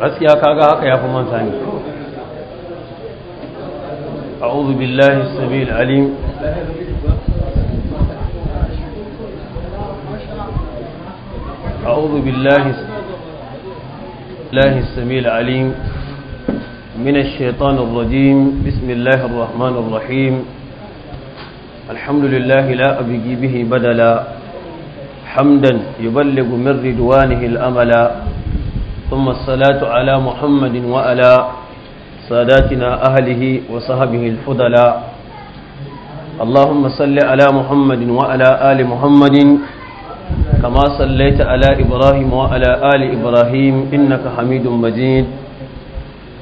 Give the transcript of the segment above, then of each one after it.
gaskiya kaga haka ya fi man sani أعوذ بالله السميع العليم أعوذ بالله الله السميع العليم من الشيطان الرجيم بسم الله الرحمن الرحيم الحمد لله لا أبقي به بدلا حمدا يبلغ من رضوانه الأملا ثم الصلاة على محمد وعلى ساداتنا أهله وصحبه الفضلاء اللهم صل على محمد وعلى آل محمد كما صليت على إبراهيم وعلى آل إبراهيم إنك حميد مجيد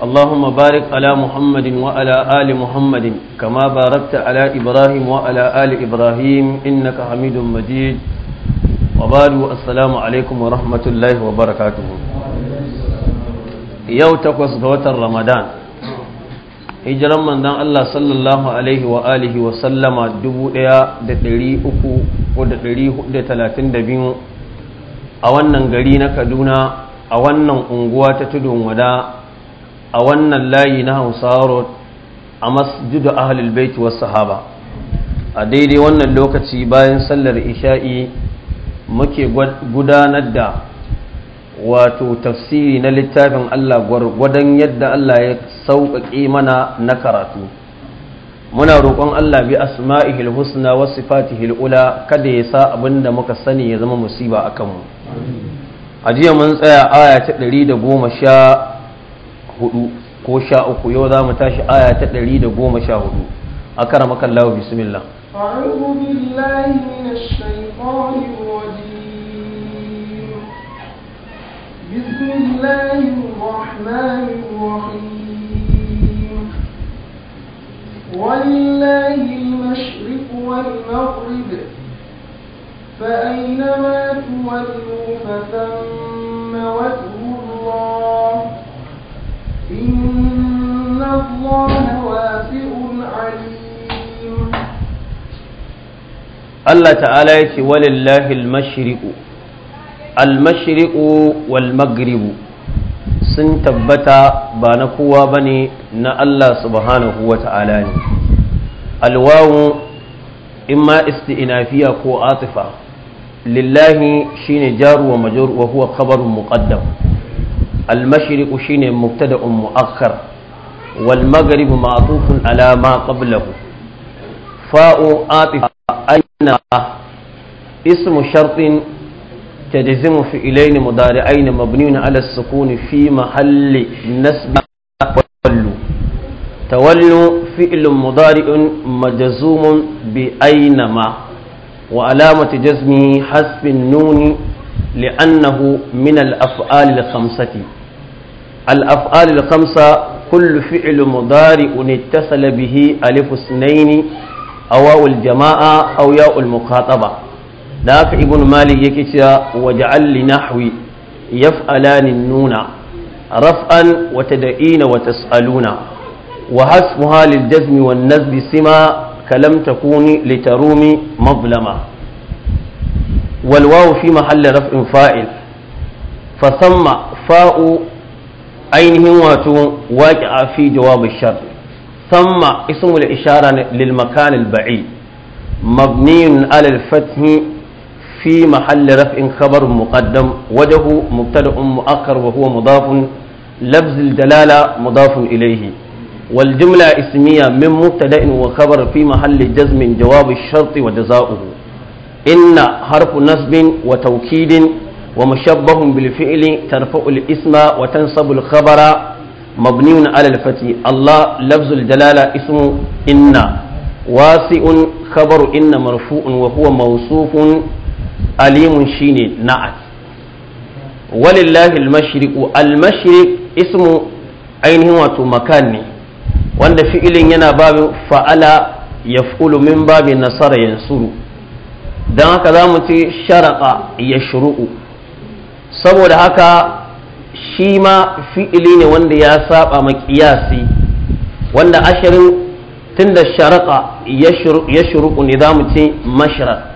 اللهم بارك على محمد وعلى آل محمد كما باركت على إبراهيم وعلى آل إبراهيم إنك حميد مجيد وبارك السلام عليكم ورحمة الله وبركاته yau takwas ga watan ramadan hijiran manzon Allah sallallahu alaihi wa alihi wa sallama 1332 a wannan gari na Kaduna a wannan unguwa ta tudun wada a wannan layi na Road a masjidu ahlul bait wasu sahaba a daidai wannan lokaci bayan sallar isha'i muke gudanar da wato tafsiri na littafin Allah gwargwadon yadda Allah ya sauƙaƙe mana na karatu muna roƙon Allah bi asma'ihil husna wa sifatihil ula kada ya sa abin da muka sani ya zama musiba a kanmu a jiya mun tsaya aya ta ɗari da goma sha hudu ko sha uku yau za mu tashi aya ta ɗari da goma sha hudu a karamakan lawa bismillah أعوذ بالله من الشيطان الرجيم بسم الله الرحمن الرحيم ولله المشرق والمغرب فأينما تولوا فثم وجه الله إن الله واسع عليم الله تعالى يقول ولله المشرق almashri'u wal sun tabbata ba na kowa ba ne na Allah subhanahu wa ta'ala ne alwawu imma isti'inafiya ko atifa lillahi shine jaru wa majur wa huwa khabarun muqaddam almashriqu shine mubtada'un mu'akhkhar wal maghribu ma'tufun ala ma qablahu fa'u atifa aina ismu shartin تجزم فعلين مضارعين مبنيون على السكون في محل نسب تولوا تولوا فعل مضارع مجزوم بأينما وعلامة جزمه حسب النون لأنه من الأفعال الخمسة الأفعال الخمسة كل فعل مضارع اتصل به ألف اثنين أو الجماعة أو ياء المخاطبة da haka ibn malik yake cewa waj'al li nahwi yaf'alani nuna raf'an wa tad'ina wa tas'aluna wa hasmuha lil jazmi wan nazbi sima kalam takuni litarumi mazlama wal waw fi mahall raf'in fa'il fa thamma fa'u ainihin wato waqi'a fi jawab ash-shar thamma ismu al-ishara lil makan al-ba'id مبني على في محل رفع خبر مقدم وجه مبتدا مؤخر وهو مضاف لفظ الدلاله مضاف اليه والجمله اسميه من مبتدا وخبر في محل جزم جواب الشرط وجزاؤه ان حرف نصب وتوكيد ومشبه بالفعل ترفع الاسم وتنصب الخبر مبني على الفتي الله لفظ الدلاله اسم ان واسع خبر ان مرفوع وهو موصوف alimun shine na'at walillahil al-mashriqu al ismu ainihin wato makan ne wanda fi'ilin yana babin fa'ala yaf'ulu min babin nasara yansuru don haka za mu ce sharaƙa ya shuru'u saboda haka shi ma fi'ili ne wanda ya saba makiyasi wanda ashirin tun da sharaƙa ya shuru'u ne za mu ce mashirar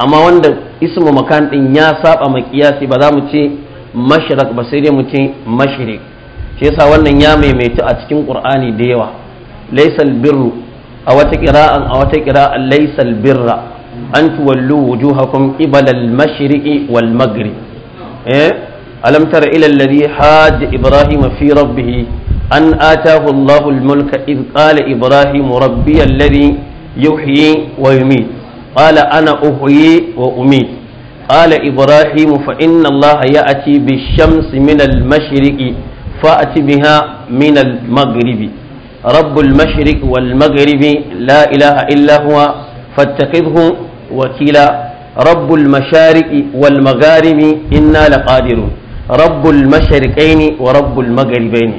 amma wanda ismu makan din ya saba makiyasi ba za mu ce mashrik ba sai dai mu ce mashrik shi yasa wannan ya maimaita a cikin qur'ani da yawa laysal birru a wata qira'an a wata qira'an laysal birra an tuwallu wujuhakum qibala al-mashriqi wal maghrib eh alam tara ila alladhi hajja ibrahim fi rabbih an atahu allahu al-mulka id qala ibrahimu rabbi alladhi yuhyi wa قال أنا أحيي وأميت قال إبراهيم فإن الله يأتي بالشمس من المشرق فأت بها من المغرب رب المشرق والمغرب لا إله إلا هو فاتخذه وكيلا رب المشارق والمغارب إنا لقادرون رب المشرقين ورب المغربين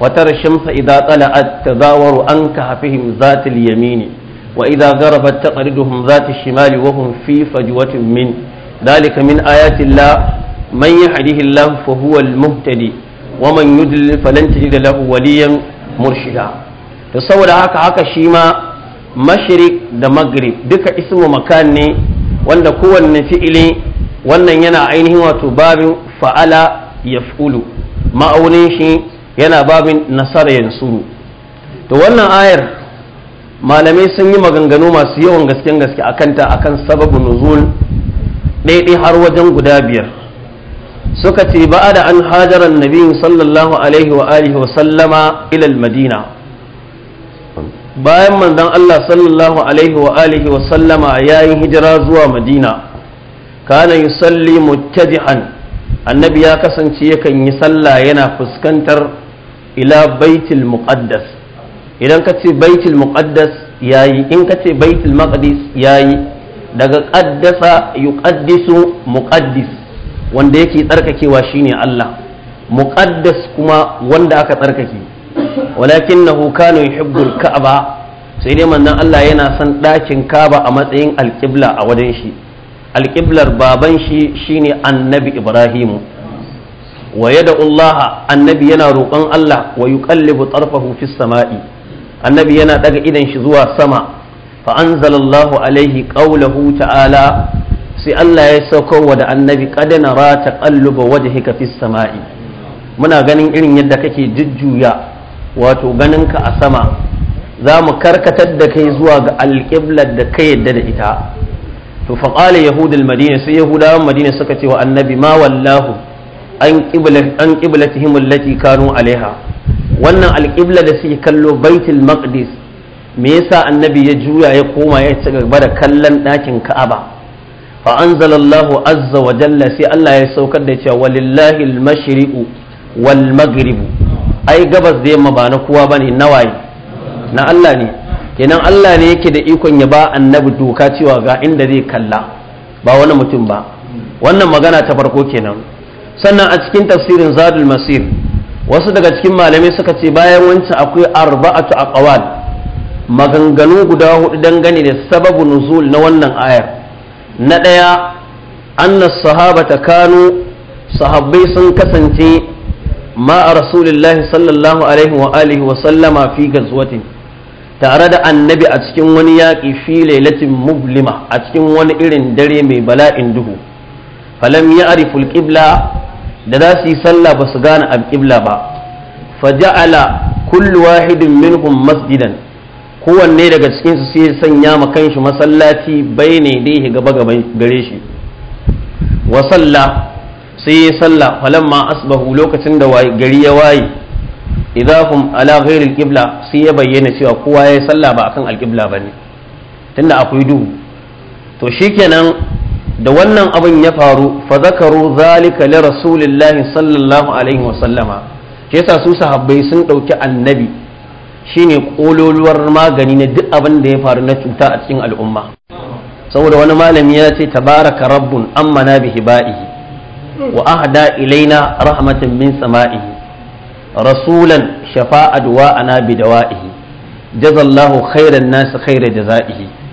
وترى الشمس إذا طلعت تزاور عن كهفهم ذات اليمين وإذا غربت تقرضهم ذات الشمال وهم في فجوة من ذلك من آيات الله من يهده الله فهو المهتدي ومن يدلل فلن تجد له وليا مرشدا تصور هكا هكا شيما مشرق da maghrib duka ismu makan wanda kowanne fi'ili wannan yana ainihin wato babin fa'ala yaf'ulu ma'aunin shi yana babin nasarar yansuru to wannan ayar malamai sun yi maganganu masu yawan gasken gaske a kanta a kan sababu nuzul ɗaiɗai har wajen guda biyar suka ce ba da an hajarar nabi sallallahu alaihi wa alihi wa sallama ilal madina bayan manzon Allah sallallahu alaihi wa alihi wa sallama yayin hijira zuwa madina kana yusalli muttajihan annabi ya kasance yakan yi sallah yana fuskantar ila baitul muqaddas idan ka ce baitul muqaddas yayi in ka ce baitul maqdis yayi daga qaddasa yuqaddisu muqaddis wanda yake tsarkakewa shine Allah muqaddas kuma wanda aka tsarkake walakinahu kana yuhibbul ka'aba sai dai manzon Allah yana son ɗakin kaba a matsayin alƙibla a wajen shi alƙiblar baban shi shine annabi Ibrahimu wa allah annabi yana roƙon Allah wa yuqallibu tarfahu fis sama'i annabi yana daga idan shi zuwa sama fa anzalallahu alaihi qawluhu ta'ala sai Allah ya wa da annabi qad nara waje wajhika fis sama'i muna ganin irin yadda kake jujjuya wato ganinka a sama za mu karkatar da kai zuwa ga alƙiblar da ka yadda da ita to fa qala yahudul madina sai yahudawan madina suka ce wa annabi ma wallahu an qiblat an qiblatihim allati kanu alaiha wannan alƙibla da suke kallo baitul maqdis me yasa annabi ya juya ya koma ya ci gaba da kallon ɗakin ka'aba fa anzalallahu azza wa jalla sai Allah ya saukar da cewa walillahi al-mashriqu wal maghrib ai gabas da yamma ba na kowa bane nawaye na Allah ne kenan Allah ne yake da ikon ya ba annabi doka cewa ga inda zai kalla ba wani mutum ba wannan magana ta farko kenan sannan a cikin tafsirin zadul masir wasu daga cikin malamai suka ce bayan wancan akwai arba'atu aqwal maganganu guda hudu dangane da sababu nuzul na wannan ayar na ɗaya anna ta kano sahabbai sun kasance ma a rasulullahi sallallahu alaihi wa alihi wa sallama fi gazwatin tare da annabi a cikin wani yaƙi fi lailatin mublima a cikin wani irin dare mai bala'in duhu falam ya ariful qibla da za su yi sallah ba su gane alƙibla ba faja'ala kullu wahidin minhum masjidan kowanne daga cikin su sai sanya ma kanshi masallaci bayne dai gaba gaba gare shi wa salla sai ya salla falamma asbahu lokacin da gari ya waye idza hum ala ghairi alqibla sai ya bayyana cewa kowa ya sallah ba akan alqibla bane tunda akwai duhu to shikenan da wannan abin ya faru fa zakaru zalika li rasulillahi sallallahu alaihi wa shi yasa su sahabbai sun dauki annabi shine kololuwar magani na duk abin da ya faru na cuta a cikin al'umma saboda wani malami ya ce tabaraka rabbun amma na bihi ba'ihi wa ahda ilaina rahmatan min sama'ihi rasulan shafa'a duwa ana bidawa'ihi jazallahu khairan nas da jazaihi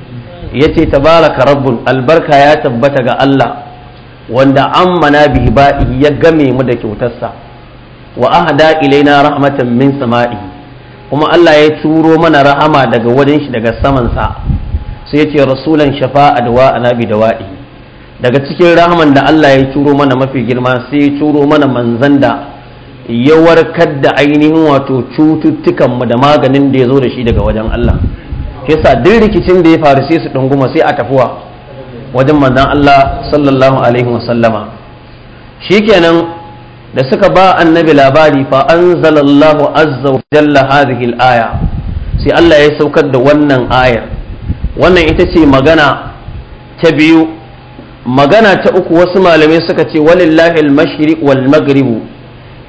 yace tabaraka rabbun albarka ya tabbata ga Allah wanda ammana bihi ba'i ya game mu da kyautarsa wa ahada ilaina rahmatan min sama'i kuma Allah ya turo mana rahama daga wajen shi daga saman sa sai yace rasulan shafa'a dawa anabi dawa'i daga cikin rahaman da Allah ya turo mana mafi girma sai ya turo mana manzan da ya warkar da ainihin wato cututtukan mu da maganin da ya zo da shi daga wajen Allah shi duk rikicin da ya faru sai su ɗunguma sai a tafuwa wajen manzon Allah sallallahu alaihi wasallama shikenan da suka ba annabi labari fa anzalallahu azza wa jalla hadhihi al-aya sai Allah ya saukar da wannan ayar wannan ita ce magana ta biyu magana ta uku wasu malamai suka ce walillahi al-mashriq wal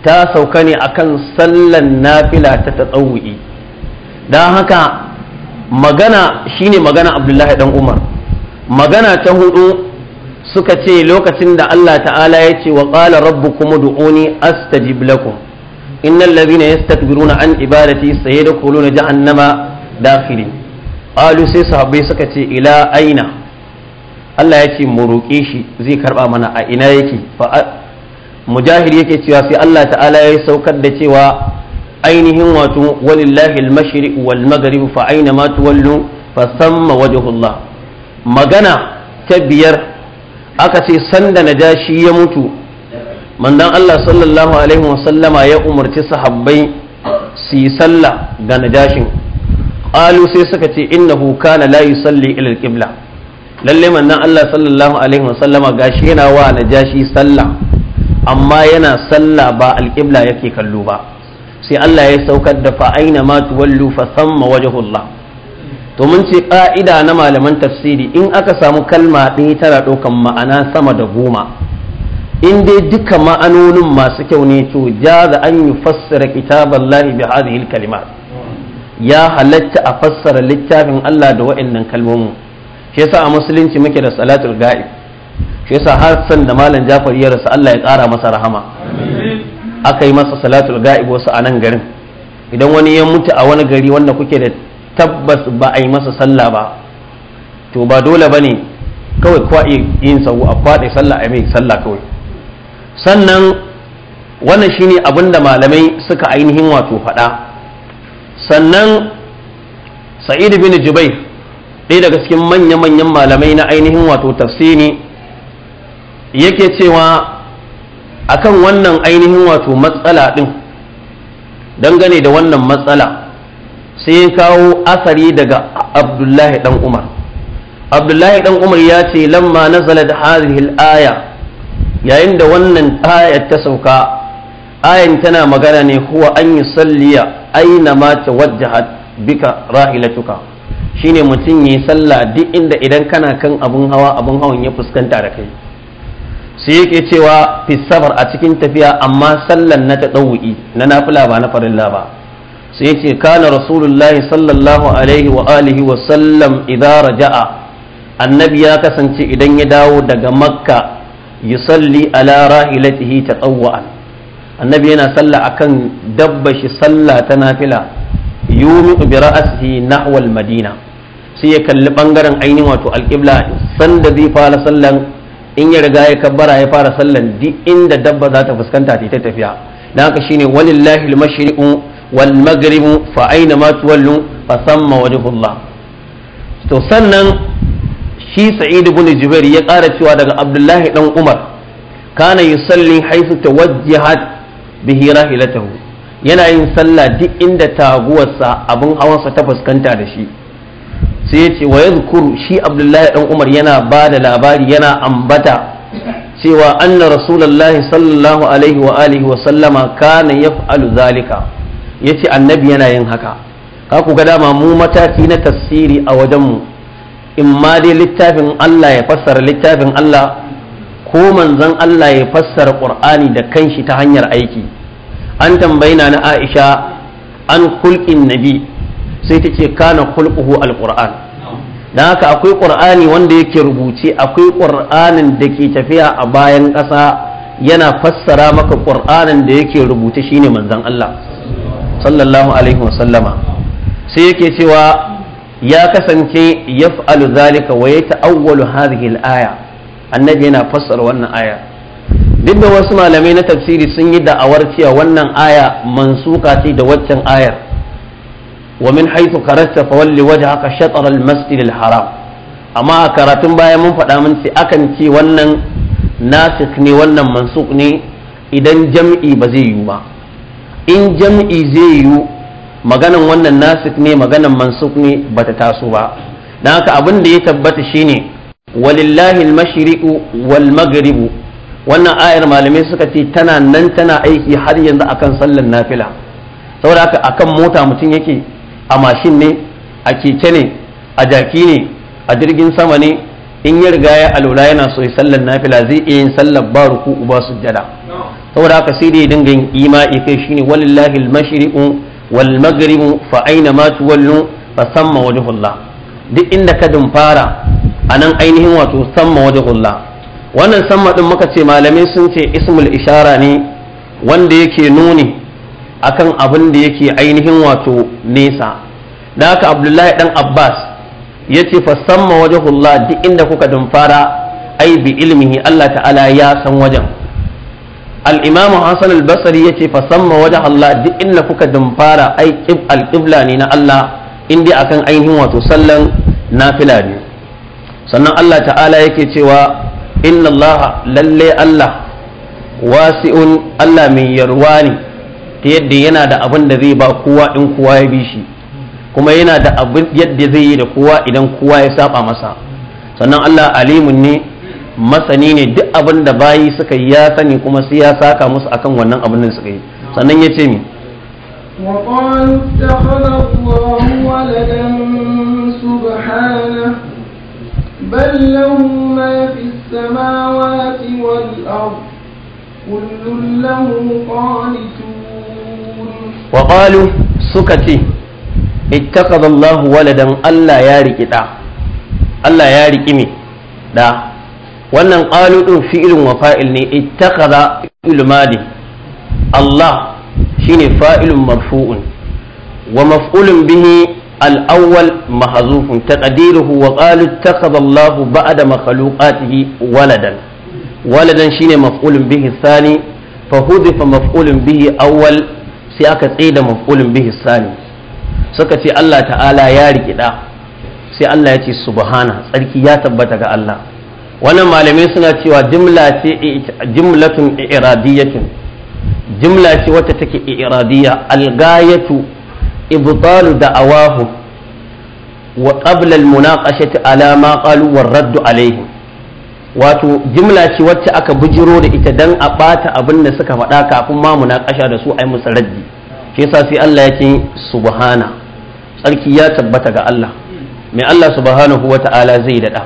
ta sauka ne akan sallan nafila ta tatsawu'i dan haka magana shine magana abdullahi dan umar magana ta hudu suka ce lokacin da Allah ta'ala ya ce wa qala rabbukum ud'uni astajib lakum innal ladhina yastakbiruna an ibadati sayadkhuluna jahannama dakhili qalu sai sahabbai suka ce ila aina Allah ya ce mu roƙe shi zai karba mana a ina yake fa mujahid yake cewa sai Allah ta'ala ya saukar da cewa ainihin wato walillahi wal maghrib fa aina ma tuwallu fa thamma wajhullah magana ta biyar aka ce sanda najashi ya mutu mandan Allah sallallahu alaihi sallama ya umarci sahabbai su yi sallah ga najashin qalu sai suka ce innahu kana la yusalli ila al-qibla lalle Allah sallallahu alaihi wasallama gashi yana wa najashi sallah amma yana sallah ba alƙibla yake kallo ba sai Allah ya saukar da fa aina ma tuwallu fa samma wajhullah to mun ce ka'ida na malaman tafsiri in aka samu kalma ɗaya tana ɗaukan ma'ana sama da goma in dai duka ma'anonin masu kyau ne to jaza an yi fassara kitaballahi bi hadhihi kalimat ya halatta a fassara littafin Allah da wa'annan kalmomin shi yasa a musulunci muke da salatul ga'ib shi yasa har san da malam Jafar ya rasu Allah ya ƙara masa rahama aka yi masa salatul ga'ib wasu a nan garin idan wani ya mutu a wani gari wanda kuke da tabbas ba a yi masa sallah ba to ba dole ba ne kawai kwa yin sawu a kwaɗe sallah a mai sallah kawai sannan wannan shine abin da malamai suka ainihin wato faɗa sannan sa'id bin jubair ɗaya daga cikin manya-manyan malamai na ainihin wato tafsiri yake cewa akan wannan ainihin wato matsala ɗin dangane da wannan matsala sai ya kawo asari daga abdullahi dan umar abdullahi dan umar ya ce lamma nazalat hadhihi al-aya yayin da wannan ayar ta sauka ayan tana magana ne huwa an yi salliya aina ma tawajjahat bika rahilatuka shine mutum yi sallah duk inda idan kana kan abun hawa abun hawan ya fuskanta da kai sai yake cewa fi a cikin tafiya amma sallan na tadawwi na nafila ba na farilla ba sai yake kana rasulullahi sallallahu alaihi wa alihi wa sallam idza raja'a annabi ya kasance idan ya dawo daga makka yusalli ala rahilatihi tatawwan annabi yana salla akan dabba shi salla ta nafila yumi bi ra'sihi nahwa al-madina sai ya kalli bangaren ainihin wato al-qibla sanda zai fara sallan in ya riga ya kabbara ya fara sallan duk inda dabba za ta fuskanta ta tafiya dan haka shine walillahi al-mashriqu wal maghribu fa aina ma tuwallu fa wani wajhullah to sannan shi sa'id ibn jubair ya kara cewa daga abdullahi dan umar kana yusalli haythu tawajjahat bihi rahilatahu yana yin sallah duk inda taguwarsa abin hawansa ta fuskanta da shi sai ya ce wa yadhkuru shi abdullahi dan umar yana ba da labari yana ambata cewa anna rasulullahi sallallahu alaihi wa alihi wa sallama kana yaf'alu zalika yace annabi yana yin haka ka ku ga dama mu mataki na tafsiri a wajen mu in ma dai littafin Allah ya fassara littafin Allah ko manzon Allah ya fassara Qur'ani da kanshi ta hanyar aiki an tambayina na Aisha an kulkin nabi sai ta ce kana kulkuhu alquran dan haka akwai qur'ani wanda yake rubuce akwai ƙur'anin da ke tafiya a bayan ƙasa yana fassara maka ƙur'anin da yake rubuce shine manzon Allah sallallahu alaihi wasallama sai yake cewa ya kasance yaf'alu zalika wa yata'awwalu hadhihi al-aya annabi yana fassara wannan aya duk da wasu malamai na tafsiri sun yi da'awar cewa wannan aya mansuka ce da waccan ayar ومن حيث خرجت فول وجهك شطر المسجد الحرام أما كراتم بايا من فدا من سي أكن تي ونن wannan ني ونن idan jam'i bazai جمعي ba in jam'i zai زيو maganan wannan nasik ne maganan mansuk ne bata taso ba dan haka abin da ya tabbata shine walillahi al-mashriqu wal wannan ayar malamai suka ce tana nan tana aiki har yanzu akan sallar nafila saboda haka akan mota mutum yake a mashin ne a keke ne a jaki ne a jirgin sama ne in ya riga ya alula yana so sallar nafila zai iya yin sallar ba ruku'u ba sujjada saboda haka sai dai dinga yin imani kai shine walillahi al wal maghribu fa aina ma tuwallu fa samma wajhullah duk inda ka dumfara anan ainihin wato samma wajhullah wannan samma din muka ce malamai sun ce ismul ishara ne wanda yake nuni akan abin da yake ainihin wato nesa da haka abdullahi dan abbas ya ce fasamma wajahullah duk inda kuka dumfara ai bi ilmihi allah ta'ala ya san wajen al-imamu hasan al-basri ya ce fasamma wajahullah duk inda kuka dumfara ai al-qibla ne na allah inda akan ainihin wato sallan nafila ne sannan allah ta'ala yake cewa inna allah lalle allah wasi'un allah mai yarwa ne ta yadda yana da abin da zai ba kowa in kowa ya bi shi kuma yana da abin yadda zai yi da kowa idan kowa ya saba masa sannan Allah alimun ne masani ne duk abin da bayi suka yi ya sani kuma sai ya saka musu akan wannan abin da suka yi sannan ya ce mi وقالوا بل له ما في السماوات والأرض كل له قانتون وقالوا سكتي اتخذ الله ولدا riki يارك دا الا يارك مي دا wannan qalu din fi'il wafa'il ne ittakhadha fi'il madi Allah shine fa'ilun marfu'un wa maf'ulun bihi al-awwal mahzufun taqdiruhu wa qalu ittakhadha Allah ba'da makhluqatihi waladan waladan shine maf'ulun bihi thani fa hudifa maf'ulun bihi awal. sai aka tsaye da maf'ulin bihi sani suka ce Allah ta'ala ya rikida sai Allah ya ce subhana tsarki ya tabbata ga Allah wannan malamai suna cewa jimla ce jimlatun iradiyatin jimla ce wata take iradiya algayatu ibtalu da'awahu wa qabla almunaqashati ala ma qalu war raddu alaihim wato jimla ce wacce aka bujiro da ita dan a bata abin da suka faɗa kafin ma ƙasha da su ai musu raddi shi yasa sai Allah yake subhana sarki ya tabbata ga Allah mai Allah subhanahu wata'ala zai daɗa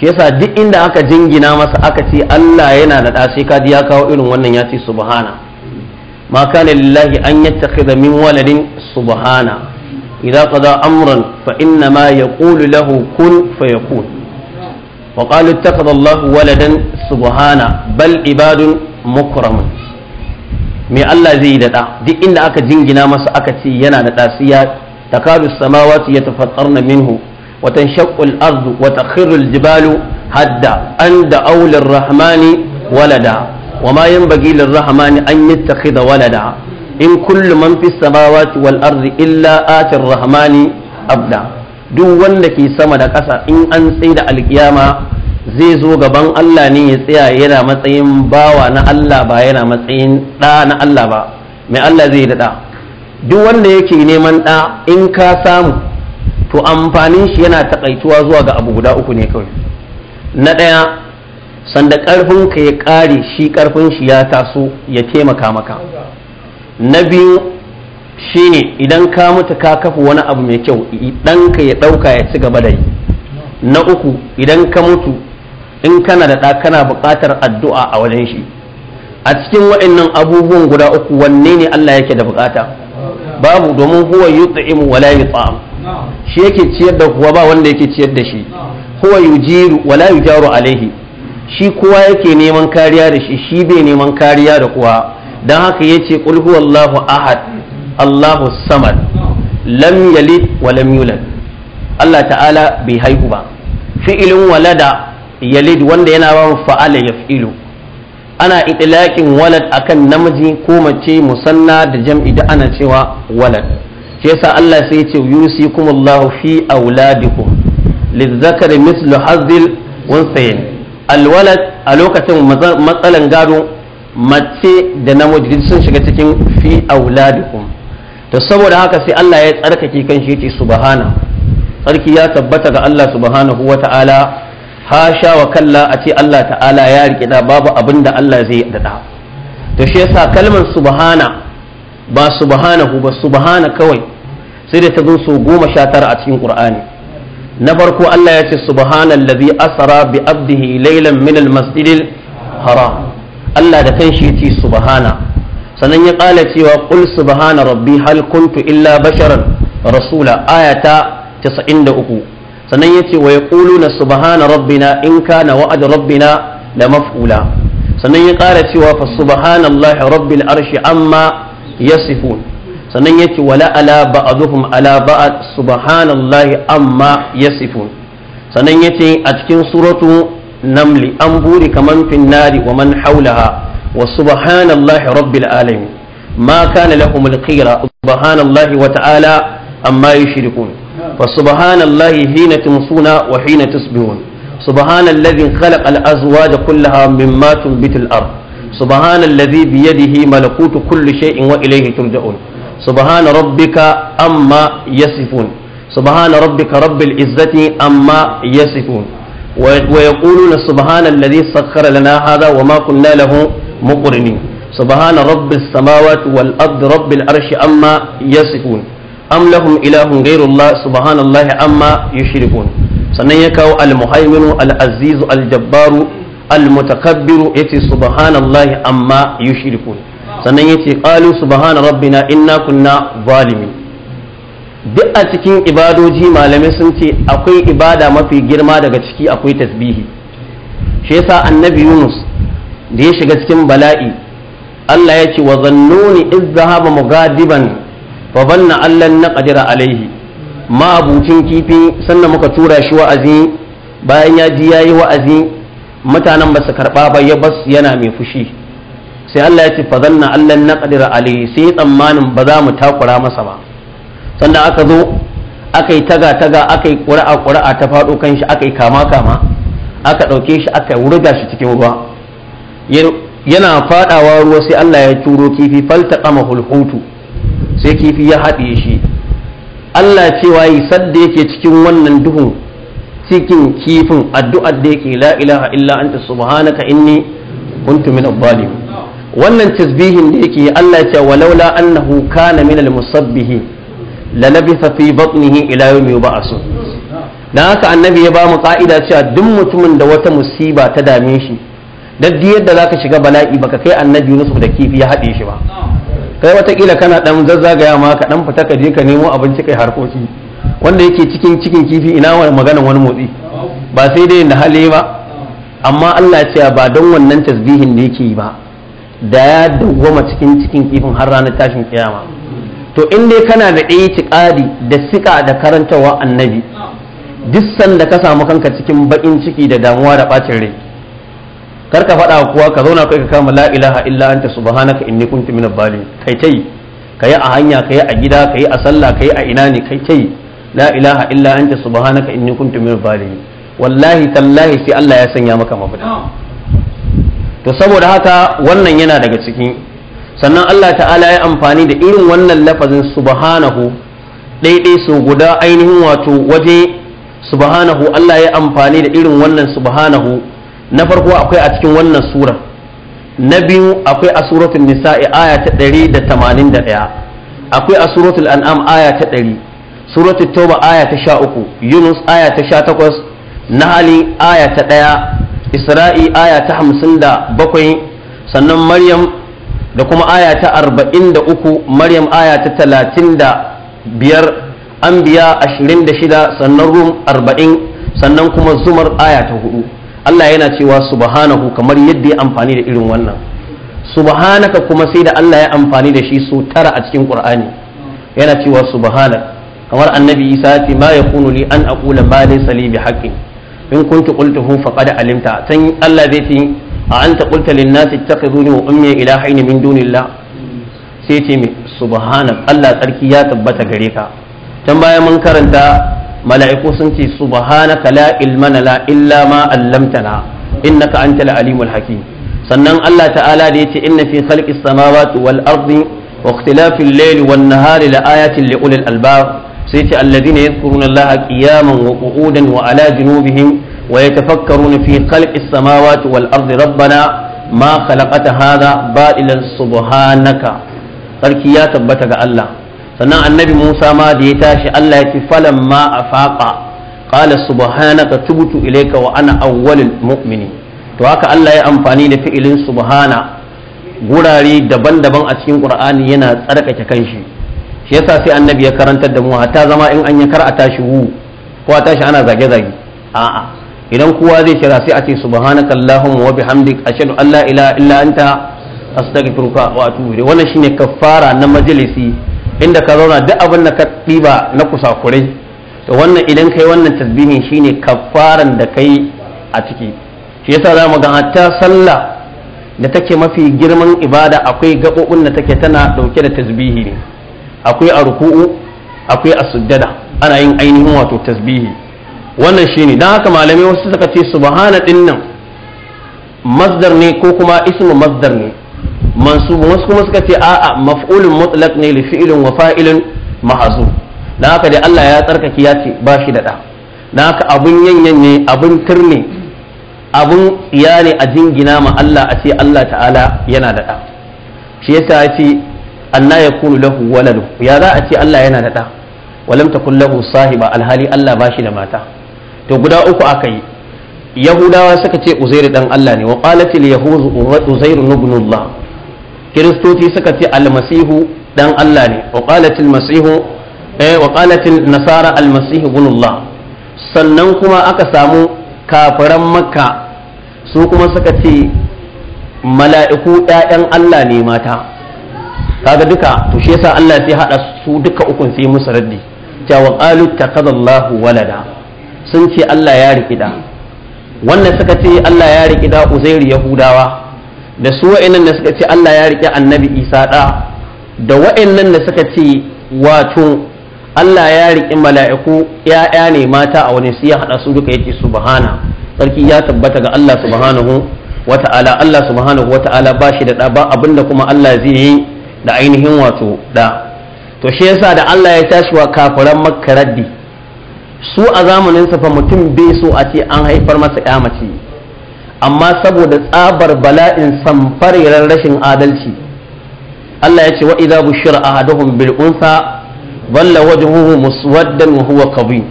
shi yasa duk inda aka jingina masa aka ce Allah yana daɗa sai ka ya kawo irin wannan ya ce subhana ma kana lillahi an yattakhidha min waladin subhana idza qada amran fa inna ma yaqulu lahu kun fayakun وقالوا اتخذ الله ولدا سبحانه بل عباد مكرمون me Allah zai yi da ɗa duk inda aka jingina masa aka ce yana da ɗasiya takadu samawati ya tafattarna minhu wa tanshaqqu al-ardu wa takhiru al-jibalu hadda an da aular rahmani walada wa ma yanbaghi lir-rahmani an yattakhidha walada in kullu an fi samawatu wal ardi illa ati ar-rahmani abda duk wanda ke sama da ƙasa in an tsaye da alkiyama zai zo gaban Allah ne ya tsaya yana matsayin bawa na Allah ba yana matsayin ɗa na Allah ba mai Allah zai daɗa duk wanda yake neman ɗa in ka samu to amfanin shi yana takaituwa zuwa ga abu guda uku ne kawai na ɗaya sanda ƙarfin ka ya ƙare shi ƙarfin shi ya taso ya taimaka maka na biyu shine idan ka mutu ka kafa wani abu mai kyau ɗanka ya ɗauka ya ci gaba da yi na uku idan ka mutu in kana da ɗa kana buƙatar addu'a a wajen shi a cikin waɗannan abubuwan guda uku wanne ne Allah yake da buƙata babu domin huwa yut'imu wa la yut'am shi yake ciyar da kuwa ba wanda yake ciyar da shi huwa yujiru wa yujaru alaihi shi kowa yake neman kariya da shi shi bai neman kariya da kuwa. don haka ya ce ƙul huwallahu ahad Allahu samad lam yalid wa lam yulad Allah ta'ala bai haihu ba fi'ilin walada yalid wanda yana ba fa'ala yaf'ilu ana itlaqin walad akan namiji ko mace musanna da jam'i da ana cewa walad shi yasa Allah sai ya ce yusikumullahu fi auladikum lizzakari mislu hazil unsayin alwalad a lokacin matsalan gado mace da namiji sun shiga cikin fi auladikum to saboda haka sai Allah ya tsarkake kan shi yace subhana tsarki ya tabbata ga Allah subhanahu wata'ala hasha wa kalla a ce Allah ta'ala ya rike da babu abin da Allah zai dada to shi yasa kalmar subhana ba subhanahu ba subhana kawai sai da ta zo so goma sha tara a cikin qur'ani na farko Allah ya ce labi asra bi abdihi laylan min almasjidil haram Allah da shi ya ce subhana sannan ya ƙala cewa qul subhana rabbi hal kuntu illa basharan rasula ayata 93 sannan yace wa yaquluna subhana rabbina in kana wa'd rabbina la maf'ula sannan ya ƙara cewa fa subhanallahi rabbil arshi amma yasifun sannan yace wala ala ba'dhum ala ba'd subhanallahi amma yasifun sannan yace a cikin suratu namli an buri kaman finnari wa man haulaha wa subhanallahi rabbil alamin ma kana lahum al-khayra subhanallahi wa ta'ala amma yushrikun wa subhanallahi hina tumsuna wa hina tusbihun subhanalladhi khalaqa al-azwaj kullaha mimma tunbitu al-ard subhanalladhi bi yadihi malakutu kulli shay'in wa ilayhi turja'un subhana rabbika amma yasifun subhana rabbika rabbil izzati amma yasifun ويقولون سبحان الذي سخر لنا هذا وما كنا له muqrini subhana rabbis samawati wal ardi rabbil arshi amma yasifun am lahum ilahun ghayru allah amma yushrikun sanan ya kawo al muhaymin al aziz al jabbar al mutakabbir yati subhanallahi amma yushrikun sanan yace qalu subhana rabbina inna kunna zalimin duk a cikin ibadoji malamai sun ce akwai ibada mafi girma daga ciki akwai tasbihi shi yasa annabi yunus da ya shiga cikin bala'i Allah ya ce wa zannuni iz zahaba mugadiban fa banna allan qadira alaihi ma abucin kifi sannan muka tura shi wa'azi bayan ya ji yayi wa'azi mutanen ba su karba ba ya bas yana mai fushi sai Allah ya ce fa zanna allan qadira alaihi sai tsammanin ba za mu takura masa ba sannan aka zo aka yi taga taga aka yi kuri'a ƙura'a ta faɗo kan shi aka yi kama kama aka ɗauke shi aka wurga shi cikin ruwa yana fadawa ruwa sai Allah ya turo kifi kama hulhutu sai kifi ya haɗe shi Allah cewa yi sadda yake cikin wannan duhun cikin kifin addu'ar da yake la ilaha illa anta subhanaka inni kuntu min adh wannan tasbihin da yake Allah ya ce walaula annahu kana min al-musabbihin la labitha fi batnihi ila yawmi yub'asun dan haka annabi ya ba mu ka'ida cewa duk mutumin da wata musiba ta dame shi dan duk yadda zaka shiga bala'i baka kai annabi Yusuf da kifi ya hade shi ba kai watakila kana dan zazzagaya ma ka dan fita ka je ka nemo abinci kai harkoki wanda yake cikin cikin kifi ina wani maganan wani motsi ba sai dai da hali ba amma Allah ya ba don wannan tasbihin da yake yi ba da ya dawwama cikin cikin kifin har ranar tashin kiyama to in dai kana da itiqadi da sika da karantawa annabi duk sanda ka samu kanka cikin bakin ciki da damuwa da bacin rai kar ka faɗa kuwa ka zauna kai ka kama la ilaha illa anta subhanaka inni kuntu min zalimin kai tai kai a hanya kai a gida kai a sallah kai a ina ne kai tai la ilaha illa anta subhanaka inni kuntu minadh zalimin wallahi tallahi sai Allah ya sanya maka mafita to saboda haka wannan yana daga ciki sannan Allah ta'ala ya amfani da irin wannan lafazin subhanahu daidai su guda ainihin wato waje subhanahu Allah ya amfani da irin wannan subhanahu na farko akwai a cikin wannan sura na biyu akwai a suratul nisa'i aya ta 181 akwai a suratul an'am aya ta 100 suratul tauba aya ta 13 yunus aya ta 18 hali aya ta 1 isra'i aya ta 57 sannan maryam da kuma aya ta 43 maryam aya ta 35 anbiya 26 sannan rum 40 sannan kuma zumar aya ta 4 Allah yana cewa subhanahu kamar yadda ya amfani da irin wannan subhanaka kuma sai da Allah ya amfani da shi so tara a cikin Qur'ani yana cewa subhanak kamar annabi Isa ya ce ma yakunu li an aqula ma laysa li bihaqqin in kuntu qultuhu faqad alimta san Allah zai ce a anta qulta lin nasi ittakhizuni wa ummi ilahaini min dunillah sai ce subhanak Allah tsarki ya tabbata gare ka can baya mun karanta mala'iku sun ce subhanaka la ilma lana illa ma allamtana innaka antal alimul hakim sannan Allah ta'ala da yace inna fi khalqis samawati wal ardi wa ikhtilafil layli wan nahari la ayatin li ulil albab sai ce alladhina yadhkuruna Allah qiyaman wa qu'udan wa ala junubihim wa yatafakkaruna fi khalqis samawati wal ardi rabbana ma khalaqata hadha batilan subhanaka sarki ya tabbata ga Allah sannan annabi Musa ma da ya tashi Allah ya ce falamma afaqa ƙala subhanaka tubutu ilaika wa ana awwalul mu'minin to haka Allah ya amfani da fi'ilin subhana gurare daban-daban a cikin Qur'ani yana tsarkake kanshi shi yasa sai annabi ya karantar da mu hatta zama in an ya kar a tashi wu ko a tashi ana zage-zage a'a idan kowa zai kira sai a ce subhanaka allahumma wa bihamdik ashhadu an la ilaha illa anta astaghfiruka wa atubu ilayk wannan shine kaffara na majalisi inda ka zauna duk abin da ka ɗiba na kusakurai to wannan idan kai wannan tasbihi shine kafaran da kai a ciki shi yasa za mu ga hatta sallah da take mafi girman ibada akwai gaɓoɓin da take tana ɗauke da tasbihi ne akwai a ruku'u akwai a sujjada ana yin ainihin wato tasbihi wannan shine dan haka malamai wasu suka ce subhana din nan masdar ne ko kuma ismu masdar ne mansub wasu kuma suka ce a'a maf'ulun mutlaq ne li fi'lin wa fa'ilin mahzuf dan haka dai Allah ya tsarkake ya ce ba shi da da dan haka abun yanyan ne abun turne abun iya ne a jingina ma Allah a ce Allah ta'ala yana da da shi yasa ya ce anna yakunu lahu waladu ya za a ce Allah yana da da walam takun lahu sahiba alhali Allah ba shi da mata to guda uku aka yi yahudawa suka ce uzairu dan Allah ne wa qalatil yahudu uzairu ibnullah kiristoci suka ce almasihu dan Allah ne wa masihu eh wa nasara almasihu ibnullah sannan kuma aka samu kafiran makka su kuma suka ce mala'iku ɗayan Allah ne mata kaga duka to shi yasa Allah sai hada su duka ukun sai musu raddi cewa qalu takadallahu walada sun ce Allah ya rikida wannan suka ce Allah ya rikida uzairu yahudawa da su wa'annan da suka ce Allah ya riƙe annabi isa ɗa da wa'annan da suka ce wato Allah ya riƙe mala'iku ‘ya'ya ne mata a wani siya haɗa su duka yake subhana sarki ya tabbata ga Allah subhanahu ta'ala Allah subhanahu ta'ala ba shi da ɗa ba abinda kuma Allah zai yi da ainihin wato ɗa to shi yasa da Allah ya tashi wa kafiran makka su a zamanin sa fa mutum bai so a ce an haifar masa mace amma saboda tsabar bala'in samfariran rashin adalci Allah ya ce wa idza bushira ahaduhum bil unsa balla wajhuhu muswaddan wa huwa kabin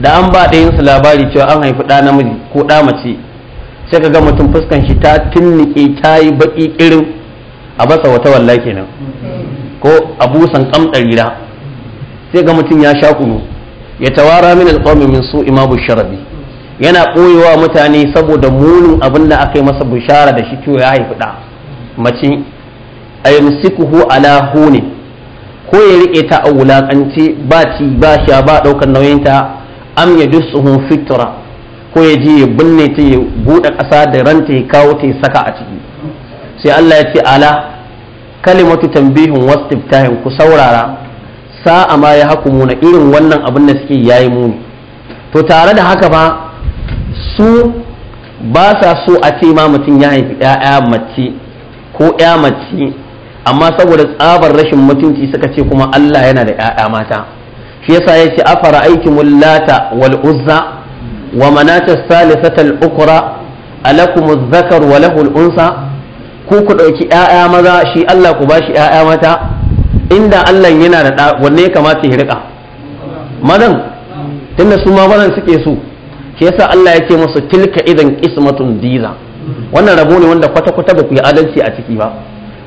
da an ba da labari cewa an haifi ɗa namiji ko ɗa mace sai kaga mutum fuskan shi ta tinnike ta yi baƙi irin a basa wata walla kenan ko a busan ƙamɗarira sai ga mutum ya sha kunu ya tawara min alƙawmi min su ma sharabi yana wa mutane saboda munin abin da aka yi masa bishara da shi to ya haifi da mace a ala hune ko ya riƙe ta a wulaƙance ba ci ba sha ba ɗaukar ta am ya dusuhun fitra ko ya je ya binne ta ya buɗe ƙasa da ranta ya kawo ta saka a ciki sai Allah ya ce ala kalimatu tambihin wastiftahin ku saurara sa'a ma ya hakumu na irin wannan abin da suke yayi muni to tare da haka ba. su ba sa so a ce ma mutum ya haifi ‘ya'ya mace ko ‘ya mace amma saboda tsabar rashin mutunci suka ce kuma Allah yana da ‘ya'ya mata shi yasa ya afara aiki mullata wal uzza wa manata salisatal ukra alakum zakar wa al unsa ku ku ɗauki ‘ya'ya maza shi Allah ku bashi ‘ya'ya mata inda Allah yana da wanne ya kamata ya riƙa madan tunda su ma suke so ke yasa Allah ya ce musu tilka idan kismatun diza wannan rabo ne wanda kwata kwata ba ku yi adalci a ciki ba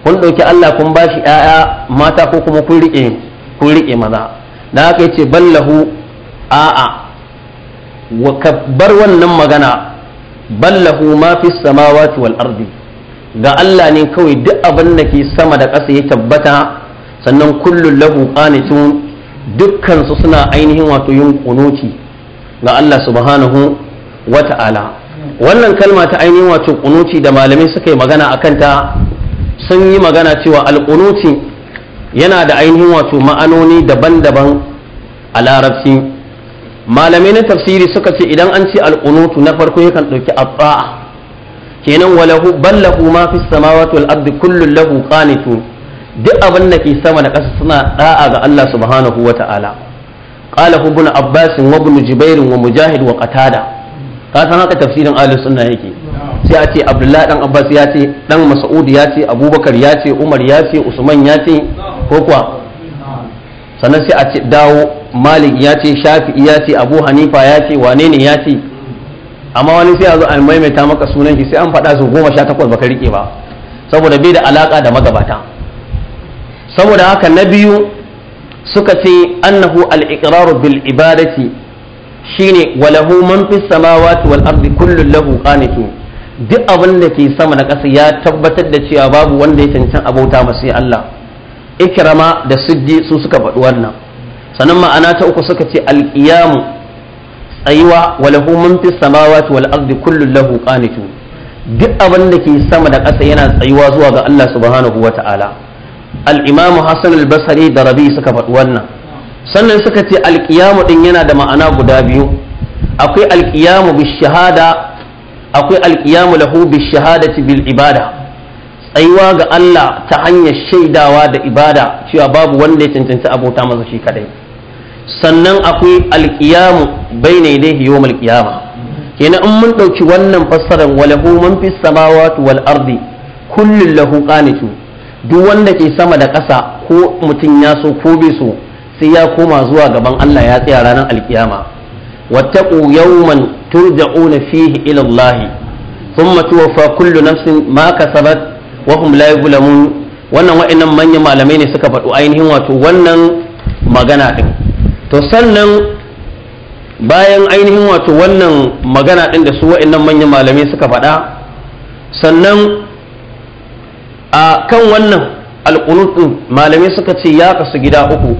kun dauki Allah kun bashi yaya mata ko kuma kun rike kun rike maza da haka yace ballahu a'a wa kabbar wannan magana ballahu ma fi samawati wal ardi ga Allah ne kawai duk abin da ke sama da ƙasa ya tabbata sannan kullun lahu qanitun dukkan su suna ainihin wato yin kunuti ga Allah subhanahu wa ta'ala wannan kalma ta ainihin wato kunuti da malamai suka yi magana a kanta sun yi magana cewa alkunuti yana da ainihin wato ma'anoni daban-daban a larabci malamai na tafsiri suka ce idan an ce alkunutu na farko yakan ɗauki abba'a kenan walahu ballahu ma fi samawati wal ardi kullun lahu qanitu duk abin da ke sama da ƙasa suna ɗa'a ga Allah subhanahu wa ta'ala qala ibn abbas wa ibn wa mujahid wa qatada ka san haka tafsirin ahlus sunna yake sai a ce abdullahi dan abbas ya ce dan mas'ud ya ce abubakar ya ce umar ya ce usman ya ce ko kuwa sannan sai a ce dawo malik ya ce shafi'i ya ce abu hanifa ya ce wane ne ya ce amma wani sai a zo a maimaita maka sunan shi sai an faɗa su goma sha takwas baka rike ba saboda bai da alaka da magabata saboda haka na biyu suka ce annahu al-iqraru bil ibadati shine walahu man fis samawati wal ardi kullun lahu qanitun duk abin da ke sama da ƙasa ya tabbatar da cewa babu wanda ya cancan abauta masu Allah ikrama da siddi su suka faɗi wannan sannan ma'ana ta uku suka ce alƙiyamu tsayuwa walahu man fis samawati wal ardi kullun lahu qanitun duk abin da ke sama da ƙasa yana tsayuwa zuwa ga Allah subhanahu wata'ala al-imamu hasan da rabi suka faɗi wannan sannan suka ce alƙiyamu ɗin yana da ma'ana guda biyu akwai alƙiyamu bi akwai alƙiyamu lahu bi bil ibada tsayuwa ga Allah ta hanyar shaidawa da ibada cewa babu wanda ya cancanci abota masa shi kadai sannan akwai alƙiyamu bayna yadayhi yawmal qiyama kenan in mun ɗauki wannan fassarar walahu man fis samawati wal ardi kullun lahu qanitu duk wanda ke sama da ƙasa ko mutum ya so ko bai so sai ya koma zuwa gaban Allah ya tsaya ranar alkiyama wattaqu yawman turja'una fihi ila Allah thumma tuwaffa kullu nafsin ma kasabat wa hum la yuzlamun wannan wa'annan manyan malamai ne suka faɗo ainihin wato wannan magana din to sannan bayan ainihin wato wannan magana din da su wa'annan manyan malamai suka faɗa sannan a kan wannan alƙunut ɗin malamai suka ce ya kasu gida uku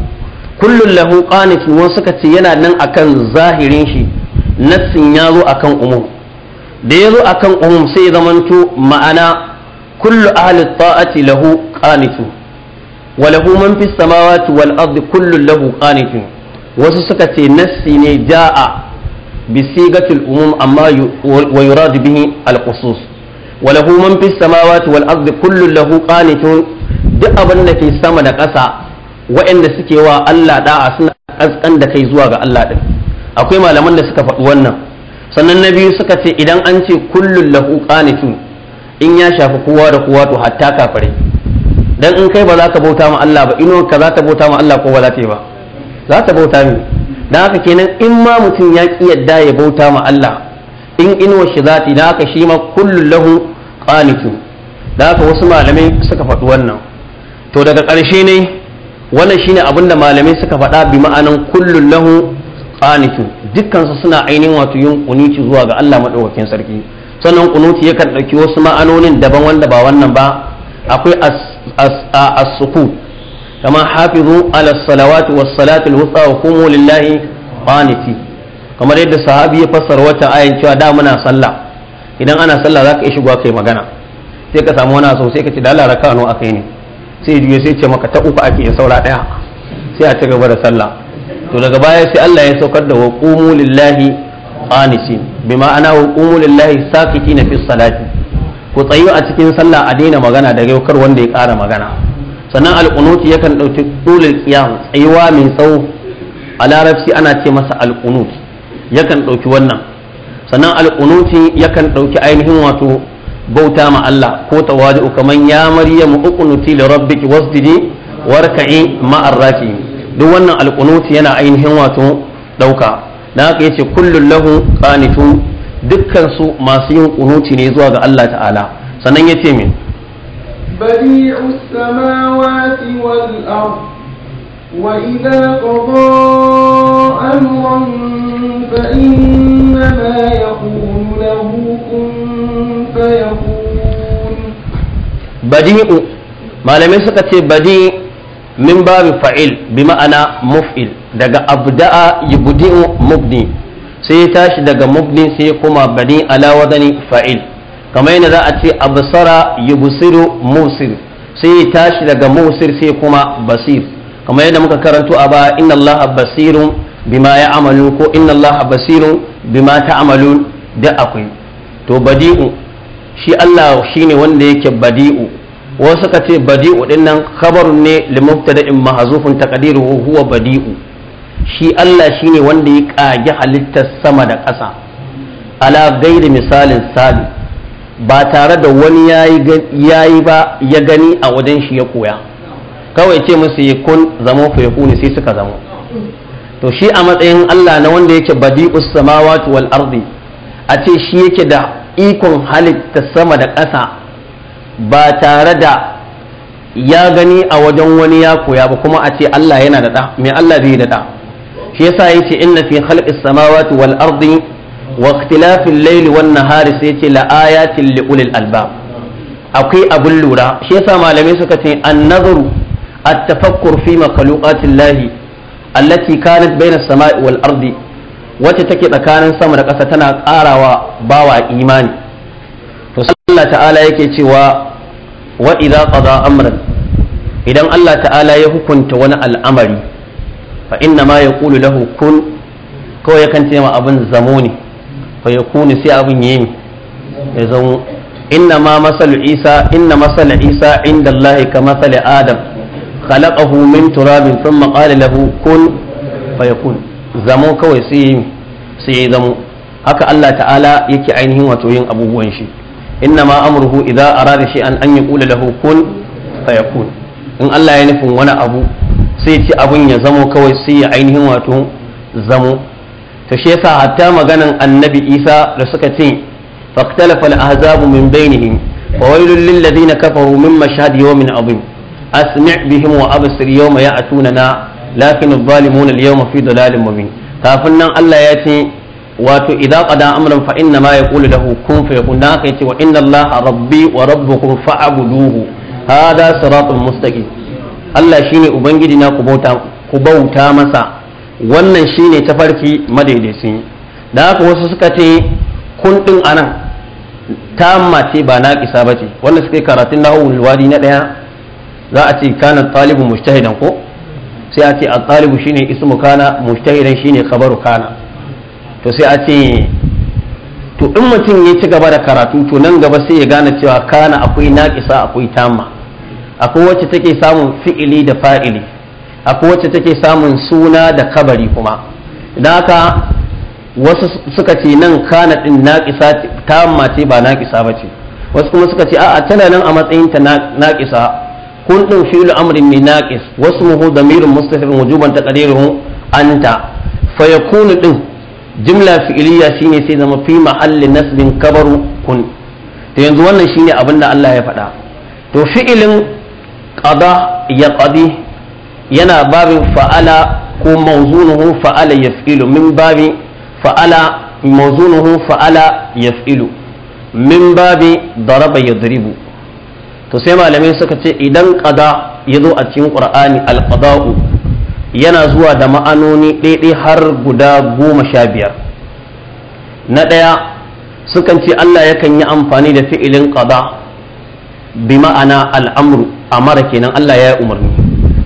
kullum lahu qaniti wani suka ce yana nan akan zahirin shi nassin ya zo akan umum da ya zo akan umum sai zamanto ma'ana kullu ahli ta'ati lahu qanitu wa lahu man fis samawati wal ardi kullu lahu qanitu wasu suka ce nassi ne ja'a bisigatul umum amma wa yuradu bihi al-khusus وله من في السماوات والأرض كل له قانتون duk abin da ke sama da ƙasa waɗanda suke wa Allah da'a suna ƙasƙan da kai zuwa ga Allah ɗin akwai malaman da suka faɗi wannan sannan na biyu suka ce idan an ce kullun lahu qanitun in ya shafi kowa da kowa to hatta kafare dan in kai ba za ka bauta ma Allah ba ino ka za ta bauta ma Allah ko ba za ta yi ba za ta bauta ni dan haka kenan in ma mutum ya ki yadda ya bauta ma Allah in inuwa shi zati da aka shi ma kullun lahu qanitu da aka wasu malamai suka faɗi wannan to daga ƙarshe ne wannan shine abin da malamai suka faɗa bi ma'anan kullun lahu qanitu dukkan suna ainihin wato yin kunuci zuwa ga Allah madaukakin sarki sannan kunuti yakan ɗauki wasu ma'anonin daban wanda ba wannan ba akwai as-sukut kama hafizu ala salawati was salati al-wusta wa qumu lillahi qanitin kamar yadda sahabi ya fassara wata ayan cewa da muna sallah idan ana sallah zaka ka iya kai magana sai ka samu wani sosai ka ce da Allah raka'a nawa akai ne sai juye sai ce maka ta uku ake yin saura daya sai a ci gaba da sallah to daga baya sai Allah ya saukar da waqumu lillahi qanisin bi ma'ana waqumu lillahi sakitina fi salati ku tsayu a cikin sallah a daina magana da gaukar wanda ya kara magana sannan alqunuti yakan dauki dulul qiyam tsayuwa mai tsawo a larabci ana ce masa alqunuti yakan ɗauki wannan sannan alƙunuti yakan ɗauki ainihin wato bauta ma Allah ko tawadu kamar ya maryamu uqnuti li rabbiki wasjudi warka'i ma'ar raki duk wannan alƙunuti yana ainihin wato ɗauka dan haka yace kullun lahu qanitun dukkan su masu yin kunuti ne zuwa ga Allah ta'ala sannan yace min badi'us samawati wal ardh وإذا قضى أمرا فإنما يقول له كن فيكون بديء ما لم يسكت بديء من باب فعيل بمعنى مفعل daga abda'a yubdi'u mubni sai ya tashi daga mubni sai kuma bani ala wadani fa'il kamar yadda za a ce absara yubsiru musir sai ya tashi daga musir sai kuma basir kamar yadda muka karanto a ba inna Allah basirun bima ya amalu ko inna Allah basirun bima ta amalu da akwai to badi'u shi Allah shine wanda yake badi'u wasu suka ce badi'u din nan khabarun ne li mubtada'in mahzufun taqdiruhu huwa badi'u shi Allah shine wanda ya kage halittar sama da ƙasa ala gairi misalin sabi ba tare da wani yayi ba ya gani a wajen shi ya koya kawai ce musu yi kun zamo fa yakunu sai suka zamo to shi a matsayin Allah na wanda yake badi samawati wal ardi a ce shi yake da ikon halitta sama da ƙasa ba tare da ya gani a wajen wani ya koya ba kuma a ce Allah yana da ɗa mai Allah zai da ɗa shi yasa yace inna fi khalqi samawati wal ardi wa ikhtilafil layli wan nahari sai ce la ayatin li ulil albab akwai abun lura shi yasa malamai suka ce an nazaru التفكر في مخلوقات الله التي كانت wal السماء والأرض wace take tsakanin sama da ƙasa tana ƙarawa ba wa imani to Allah ta'ala yake cewa wa idza qada idan Allah ta'ala ya hukunta wani al'amari fa inna ma yaqulu lahu kun ko ya kance ma abin zamo ne fa yakunu sai abin yi ne ya zamo inna ma masal isa inna masal isa inda Allah ka adam خلقه من تراب ثم قال له كن فيكون زمو كوي سي سي زمو هكا الله تعالى يكي عينه وتوين أبو بوانشي إنما أمره إذا أراد شيئا أن يقول له كن فيكون إن الله ينفن وانا أبو سيتي أبن يزمو كوي سي عينه وتو زمو فشيسا حتى مغانا النبي إيسى لسكتين فاختلف الأحزاب من بينهم وويل للذين كفروا من مشهد يوم عظيم asmi' bihim wa absir yawma na lakin adh-dhalimuna al-yawma fi dalalin mubin kafin nan Allah ya ce wato idan qada amran fa inna ma yaqulu lahu kun fayakun na kai ce wa inna rabbi wa rabbukum fa'buduhu hada siratul mustaqim Allah shine ubangiji na kubauta bauta ku bauta masa wannan shine tafarki madaidaici da haka wasu suka ce kun din anan tamma ce ba na naqisa bace wanda suka yi karatun nahawul wadi na daya za a ce kana talibu mujtahidan ko sai a ce al-talibu shine ismu kana mujtahidan shine khabaru kana to sai a ce to in mutum ya ci gaba da karatu to nan gaba sai ya gane cewa kana akwai naƙisa akwai tamma akwai wacce take samun fi'ili da fa'ili akwai wacce take samun suna da kabari kuma idan haka wasu suka ce nan kana din naƙisa tamma ce ba naƙisa ba ce wasu kuma suka ce a'a tana nan a matsayin ta naƙisa kun ɗin fi'il amrin ne naqis wasmuhu damirun mustafir wujuban taqdiruhu anta fayakunu ɗin jimla fi'iliya shine sai zama fi mahalli nasbin kabaru kun to yanzu wannan shine abin da Allah ya faɗa to fi'ilin qada ya qadi yana babin fa'ala ko mawzunuhu fa'ala yaf'ilu min babin fa'ala mawzunuhu fa'ala yaf'ilu min babi daraba yadribu to sai malamai suka ce idan qada ya zo a cikin qur'ani alqada'u yana zuwa da ma'anoni ɗaiɗai har guda goma sha biyar na ɗaya sukan ce Allah yakan yi amfani da fi'ilin qada bi ma'ana al'amru mara kenan Allah ya yi umarni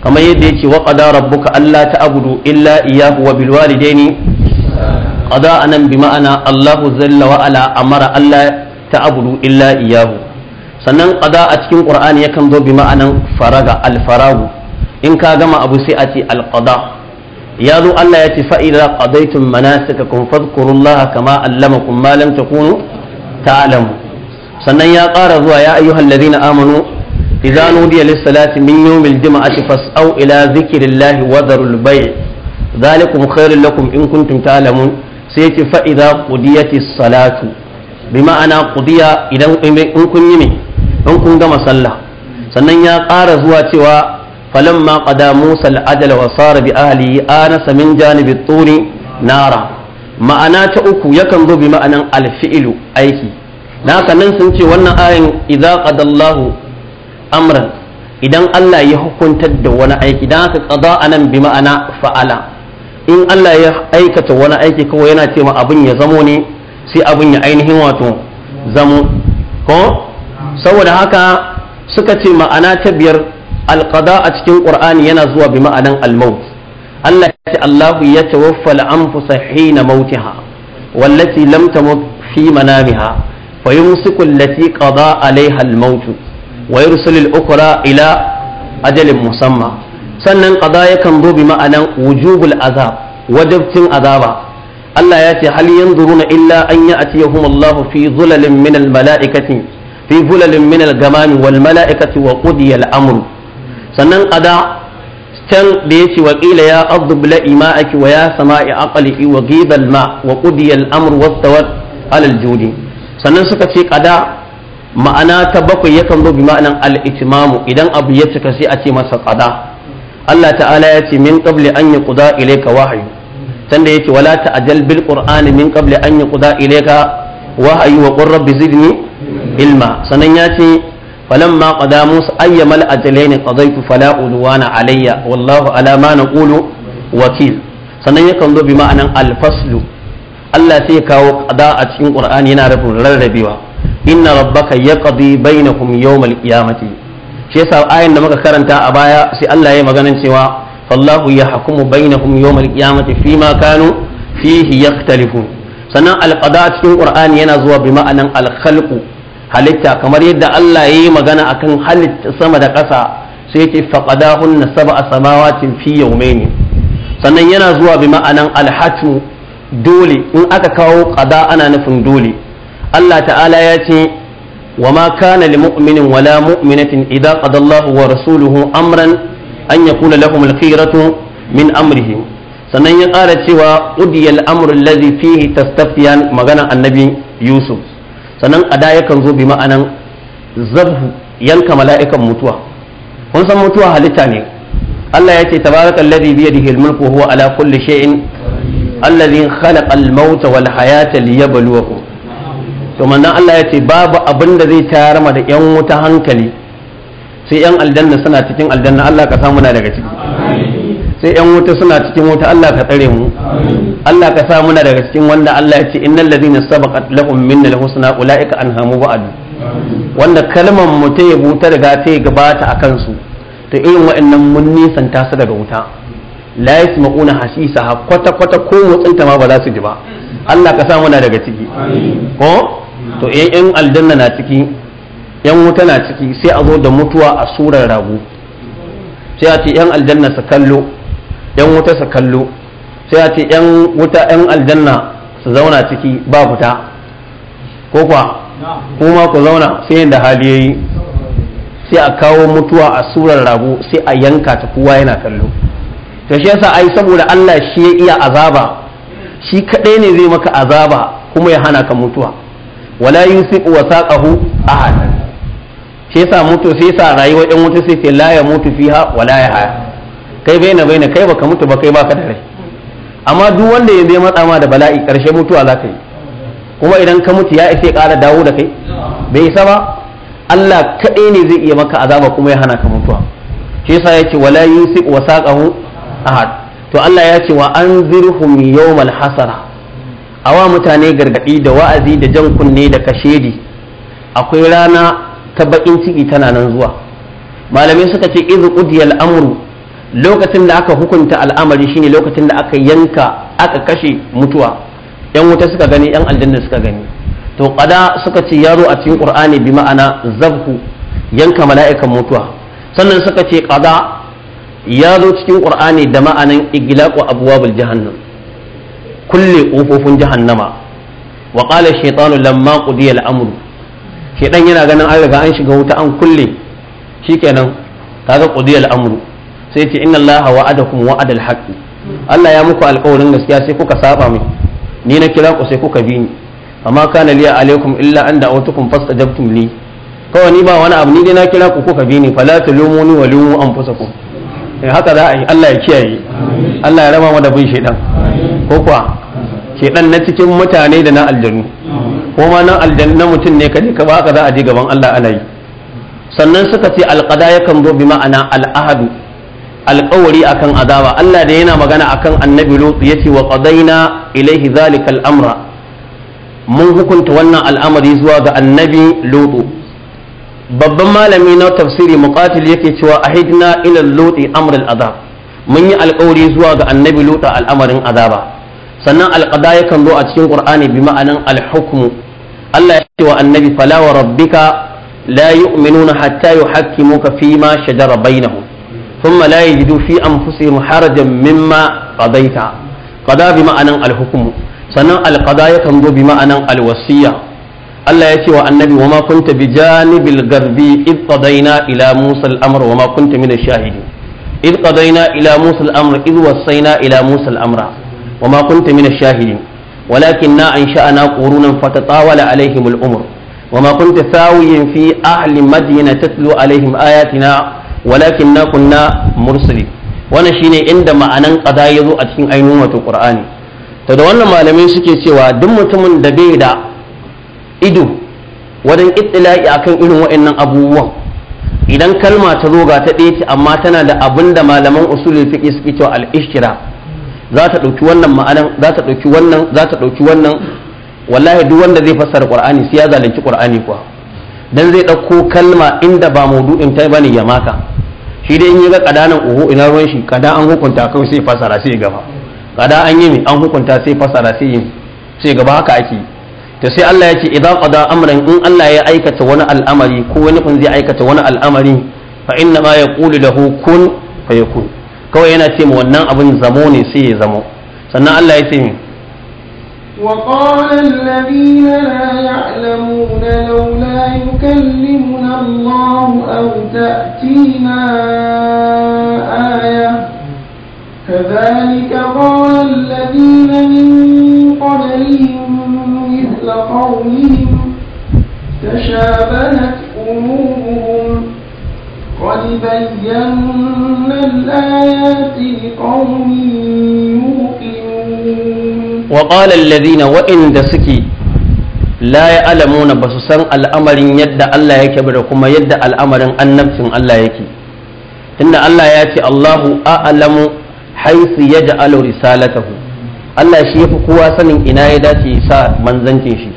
kamar yadda ce wa qada rabbuka Allah abudu illa iyyahu wa bil walidaini qada anan bi ma'ana Allahu zalla wa ala amara Allah abudu illa iyyahu sannan qada a cikin qur'ani yakan zo bi ma'anan faraga alfaragu in ka gama abu sai a ce al-qada ya zo Allah ya ce fa mana qadaytum manasikakum fadhkurullaha kama malam ta kunu ta ta'lamu sannan ya ƙara zuwa ya ayyuhalladhina amanu idza nudiya lis-salati min yawmil jum'ati fas'au ila dhikrillahi wa dharul bay' dhalikum khairul lakum in kuntum ta'lamun sai ya ce fa qudiyatis salatu bi ma'ana qudiya idan in kun yi me in kun gama sallah sannan ya ƙara zuwa cewa falamma qada musa al-ajala wa sara bi ahlihi anasa min janibi turi nara ma'ana ta uku yakan zo bi ma'anan alfi'ilu aiki na haka nan sun ce wannan ayin idza qadallahu amran idan Allah ya hukuntar da wani aiki dan haka qada anan bi ma'ana fa'ala in Allah ya aikata wani aiki kawai yana cewa abin ya zamo ne sai abin ya ainihin wato zamo ko saboda haka suka ce ma'ana ta biyar alqada a cikin ƙur'ani yana zuwa bi ma'anan al Allah ya ce Allahu ya tawaffa al-anfusa na mautiha wallati lam tamut fi manamiha fayumsiku allati qada alaiha al wa yursilu al ila ajalin musamma sannan qada yakan zo bi ma'anan wujubul azab wajibcin azaba Allah ya ce hal yanzuruna illa an ya'tiyahum Allahu fi zulalin min al-mala'ikati fi bulalin min al-gamami wal mala'ikati wa qudiya al sannan qada can da yace wa qila ya ardu bla'i ma'aki wa ya sama'i aqli wa ghiba al-ma wa qudiya al-amru wastawat ala al-judi sannan suka ce qada ma'ana ta bakwai yakan zo bi ma'anan al-itmamu idan abu ya cika sai a ce masa qada Allah ta'ala ya ce min qabli an yuqda ilayka wahyu tanda yake wala ta'jal bil qur'ani min qabli an yuqda ilayka wahyu wa qur rabbi zidni ilma sanan ya ce falamma qada musa ayyamal ajalaini qadaytu fala udwana alayya wallahu ala ma naqulu wakil sanan yakan zo bi ma'anan alfaslu Allah sai kawo qada a cikin kur'ani yana rafin rarrabewa inna rabbaka yaqdi bainakum yawmal qiyamati shi yasa ayan da muka karanta a baya sai Allah ya magana cewa fallahu yahkumu bainakum yawmal qiyamati fima kanu fihi yaktalifun sannan alqada cikin kur'ani yana zuwa bi ma'anan alkhalqu halitta kamar yadda Allah ya yi magana akan halitta sama da ƙasa sai ce na sab'a samawatin fi ne sannan yana zuwa bi ma'anan alhatu dole in aka kawo qada ana nufin dole Allah ta'ala ya ce wa ma kana li mu'minin wala mu'minatin idza qada Allahu wa rasuluhu amran an yakuna lahum al-khiyaratu min amrihim sannan ya ƙara cewa udiyal amru allazi fihi tastafiyan magana annabi yusuf sannan ada yakan zo bi ma'anan zabhu yanka mala'ikan mutuwa kun san mutuwa halitta ne Allah ya ce tabarakal ladhi bi yadihi al-mulku huwa ala kulli shay'in alladhi khalaqa al-mauta wal hayata liyabluwakum to manzon Allah ya ce babu abin da zai tarama da yan wuta hankali sai yan aljanna suna cikin aljanna Allah ka samu na daga ciki sai yan wuta suna cikin wuta Allah ka tsare mu Allah ka sa muna daga cikin wanda Allah ya ce innal ladina sabaqat lahum minna alhusna ulaika anhamu ba'd wanda kalmar mu ta yabo ta riga ta gabata akan su to irin wa'annan mun nisanta su daga wuta la yasma'una hasisa ha kwata kwata ko motsinta ma ba za su ji ba Allah ka sa muna daga ciki ko to yan aljanna na ciki yan wuta na ciki sai a zo da mutuwa a surar rago sai a ce yan aljanna su kallo yan wuta su kallo sai a ce yan wuta yan aljanna su zauna ciki ba fita ko kuwa kuma ku zauna sai yadda hali yayi sai a kawo mutuwa a surar rago sai a yanka ta kowa yana kallo to shi yasa ai saboda Allah shi ya iya azaba shi kadai ne zai maka azaba kuma ya hana ka mutuwa wala yusiq wasaqahu ahad shi yasa mutu sai sa rayuwar yan wuta sai ce la ya mutu fiha wala ya haya kai bai na bai na kai baka mutu ba kai baka da rai amma duk wanda ya zai matsa ma da bala'i karshe mutuwa za ka yi kuma idan ka mutu ya isa ƙara dawo da kai bai isa ba Allah kaɗai ne zai iya maka azaba kuma ya hana ka mutuwa shi yasa ya ce wala yusiq wa saqahu ahad to Allah ya ce wa anzirhum yawmal hasara awa mutane gargadi da wa'azi da jan kunne da kashedi akwai rana ta bakin ciki tana nan zuwa malamai suka ce iz qudiyal amru lokacin da aka hukunta al'amari shine lokacin da aka yanka aka kashe mutuwa yan wuta suka gani yan aljanna suka gani to kada suka ce yaro a cikin qur'ani bi ma'ana zabhu yanka mala'ikan mutuwa sannan suka ce qada ya zo cikin qur'ani da ma'anan iglaqu abwabul jahannam kulle kofofin jahannama wa qala shaytanu lamma qudiya al-amru yana ganin an riga an shiga wuta an kulle shikenan kaga qudiya al sai ce inna Allah wa'adakum wa'ada adal haqq Allah ya muku alƙawarin gaskiya sai kuka saba mai ni na kira ku sai kuka bi ni amma kana liya alaikum illa an da'awtukum fastajabtum li kawai ni ba wani abu ni dai na kira ku kuka bi ni fala tulumuni wa lumu anfusakum eh haka za a yi Allah ya kiyaye Allah ya raba mu da bin shedan ko kuwa shedan na cikin mutane da na aljanu ko ma na aljannu na mutum ne kaje ka ba ka za a je gaban Allah alai sannan suka ce alqada yakan zo bi ma'ana al'ahadu alƙawari akan azaba Allah da yana magana akan annabi Lut yace wa qadaina ilaihi zalika amra mun hukunta wannan al'amari zuwa ga annabi Lut babban malami na tafsiri muqatil yake cewa ahidna ila Lut amr al azab mun yi alƙawari zuwa ga annabi Lut al'amarin azaba sannan alqada yakan zo a cikin Qur'ani bi ma'anan alhukmu Allah ya ce wa annabi fala wa rabbika la yu'minuna hatta yuhakkimuka fi ma shajara bainahum ثم لا يجدوا في أنفسهم حرجا مما قضيت قضاء بمعنى الحكم sannan alƙada yakan zo bi ma'anan alwasiya Allah ya ce wa annabi wa ma kunta bi janibil garbi id qadaina ila musa al-amr wa ma kunta min ash-shahidin id qadaina ila musa al-amr id wasaina ila musa al-amra kunta min ash-shahidin walakinna ansha'na kunta fi walakin na kunna mursali wannan shine inda ma'anan qada ya zo a cikin ainihin wato qur'ani to da wannan malamai suke cewa duk mutumin da bai da ido wajen ittila'i akan irin waɗannan abubuwan idan kalma ta zo ga ta ɗaya ce amma tana da abin da malaman usulul fiqh suke cewa al-ishtira za ta ɗauki wannan ma'anan za ta ɗauki wannan za ta ɗauki wannan wallahi duk wanda zai fassara qur'ani sai ya zalunci qur'ani kuwa dan zai ɗauko kalma inda ba maudu'in ta bane ya maka shi dai in yi ga kadanan uhu ina ruwan shi kada an hukunta kawai sai fasara sai gaba kada an yi an hukunta sai fasara sai sai gaba haka ake to sai Allah ya ce idan qada amran in Allah ya aikata wani al'amari ko wani kun zai aikata wani al'amari fa inna ma yaqulu lahu kun fayakun kawai yana ce ma wannan abin zamo ne sai ya zamo sannan Allah ya ce وقال الذين لا يعلمون لولا يكلمنا الله أو تأتينا آية كذلك قال الذين من قبلهم مثل قومهم تشابهت قلوبهم قد بينا الآيات لقوم wa qala alladhina wa'inda suke la ya'lamuna basu san al'amarin yadda Allah yake ba da kuma yadda al'amarin annabcin Allah yake tunda Allah ya ce Allahu a'lamu haythu yaj'alu risalatahu Allah shi yafi kowa sanin ina ya dace sa manzancin shi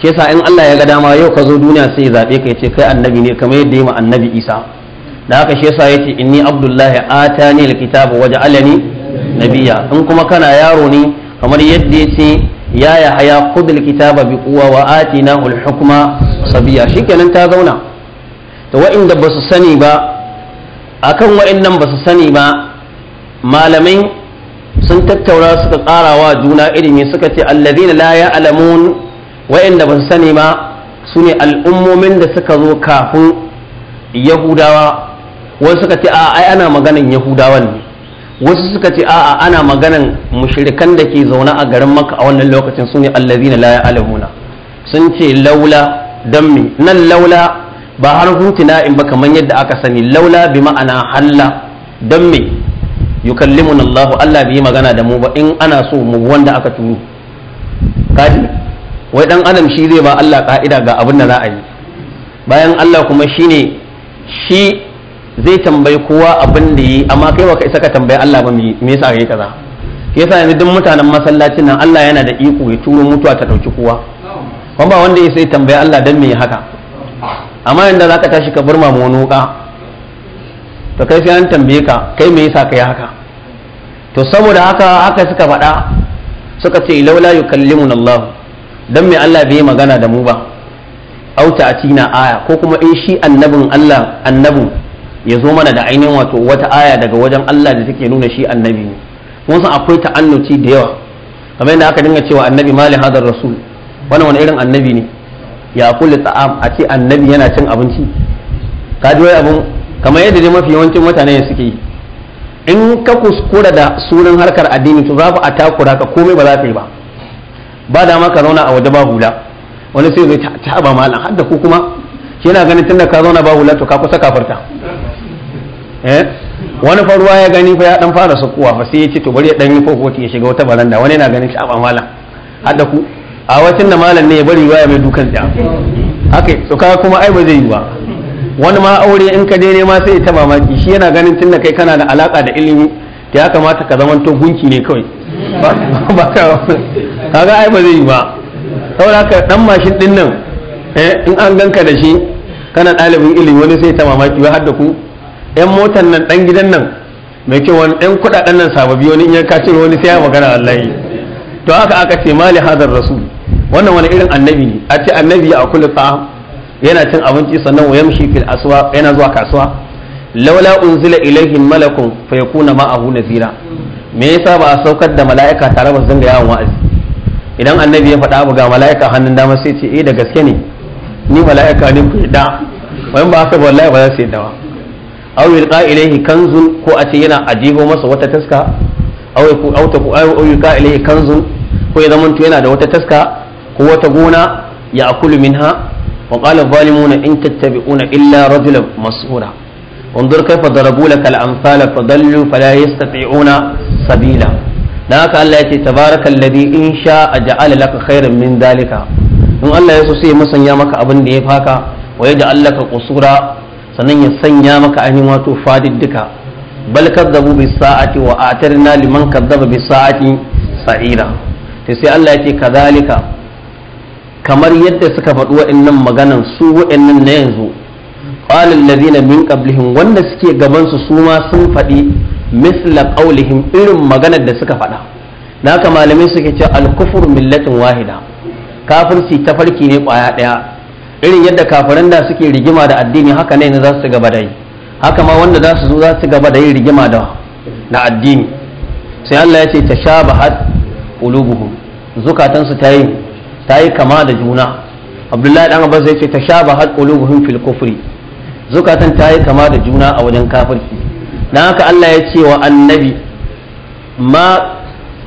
ke sa in Allah ya ga dama yau ka zo duniya sai zaɓe ka ce kai annabi ne kamar yadda yi annabi Isa da haka shi yasa yace inni abdullahi atani alkitaba waje alani nabiya in kuma kana yaro ne kamar yadda ya ce ya ya haya kudul kitaba bi kuwa wa atina ul hukma sabiya shikenan ta zauna ta wa'inda ba su sani ba akan wa'innan ba su sani ba malamai sun tattaura suka karawa juna irin ilimi suka ce alladhina la alamun wa'inda ba su sani ba su ne al'ummomin da suka zo kafin yahudawa wani suka ce a ai ana maganin yahudawan ne wasu suka ce a'a ana maganan mushrikan da ke zaune a garin maka a wannan lokacin sune allazina la ya'lamuna sun ce laula dan me nan laula ba har hutina in ba kamar yadda aka sani laula bi ma'ana halla dan me yukallimun Allah Allah yi magana da mu ba in ana so mu wanda aka turo kaji wai dan adam shi zai ba Allah ka'ida ga abin da za a yi bayan Allah kuma shine shi zai tambayi kowa abin da yi amma kai ka isa ka tambayi Allah ba me yasa kai kaza yasa yanzu duk mutanen masallacin nan Allah yana da iko ya turo mutuwa ta dauki kowa kuma ba wanda ya sai tambayi Allah dan me haka amma yanda zaka tashi ka burma mu wuka to kai sai an tambaye ka kai me yasa kai haka to saboda haka haka suka faɗa suka ce laula yukallimun Allah dan me Allah bai magana da mu ba auta atina aya ko kuma in shi annabin Allah annabin ya zo mana da ainihin wato wata aya daga wajen Allah da take nuna shi annabi ne mun san akwai ta'annuci da yawa kamar yadda aka dinga cewa annabi mali hadar rasul wannan wani irin annabi ne ya kulli ta'am a ce annabi yana cin abinci ka ji wai abun kamar yadda dai mafi yawancin mutane suke yi in ka kuskura da sunan harkar addini to za ku a takura ka komai ba za ka yi ba ba da ma ka zauna a waje ba hula wani sai zai ta ba malam har da ku kuma yana ganin tunda ka zauna ba hula to ka kusa kafarta Eh? wani faruwa ya gani fa ya dan fara sakuwa fa sai ya ce to bari ya dan yi kokoti ya shiga wata baranda wani yana ganin a malam hada ku a wacin da malam ne ya bari ya mai dukan tsaya akai to kaga kuma ai ba zai yi ba wani ma aure in ka je ma sai taba mamaki shi yana ganin tunda kai kana da alaka da ilimi ya kamata ka to gunki ne kawai ba kaga ai ba zai yi ba saboda haka dan mashin din nan eh, in an ganka da shi kana ɗalibin ilimi wani sai taba mamaki ba har ku yan motan nan dan gidan nan mai ce wani yan kudaden nan sababi wani in yanka kaci wani sai ya magana wallahi to haka aka ce mali hadar rasul wannan wani irin annabi ne a ce annabi a kullu ta'am yana cin abinci sannan wa yamshi fil aswa yana zuwa kasuwa laula unzila ilaihi malakun fa yakuna ma'ahu nazira me yasa ba a saukar da mala'ika tare ba zanga yawon wa'azi idan annabi ya faɗa abu ga mala'ika hannun dama sai ce eh da gaske ne ni mala'ika ne ku da wani ba haka wallahi ba za su yi dawa aw yulqa ilayhi kanzun ko a ce yana ajiho masa wata taska ko ya zaman yana da wata taska ko wata gona ya akulu minha wa qala zalimuna in tattabi'una illa rajulan mas'ura undur kaifa darabu laka al-amsal fa dallu fa la yastati'una sabila na haka Allah ya ce tabarakalladhi in sha a aja'ala laka khairan min dalika in Allah ya so sai masanya maka abin da ya faka wa yaj'al allaka qusura sannan ya sanya maka ainihin wato fadiddika bal kadzabu bi sa'ati wa atarna liman kadzaba bi sa'ati sa'ira to sai Allah yake kazalika kamar yadda suka faɗi waɗannan maganan su waɗannan na yanzu qala alladhina min qablihim wanda suke gaban su su ma sun faɗi misla qawlihim irin maganar da suka faɗa na haka malamai suke cewa al-kufru millatin wahida kafirci tafarki ne kwaya ɗaya irin yadda kafiran da suke rigima da addini haka ne za su gaba da yi haka ma wanda za su zo za su gaba da yi rigima da addini sai Allah ya ce ta sha bahat ulubuhum zukatansu ta yi ta yi kama da juna abdullahi dan abbas ya ce ta sha bahat ulubuhum fil kufri zukatan ta yi kama da juna a wajen kafirci dan haka Allah ya ce wa annabi ma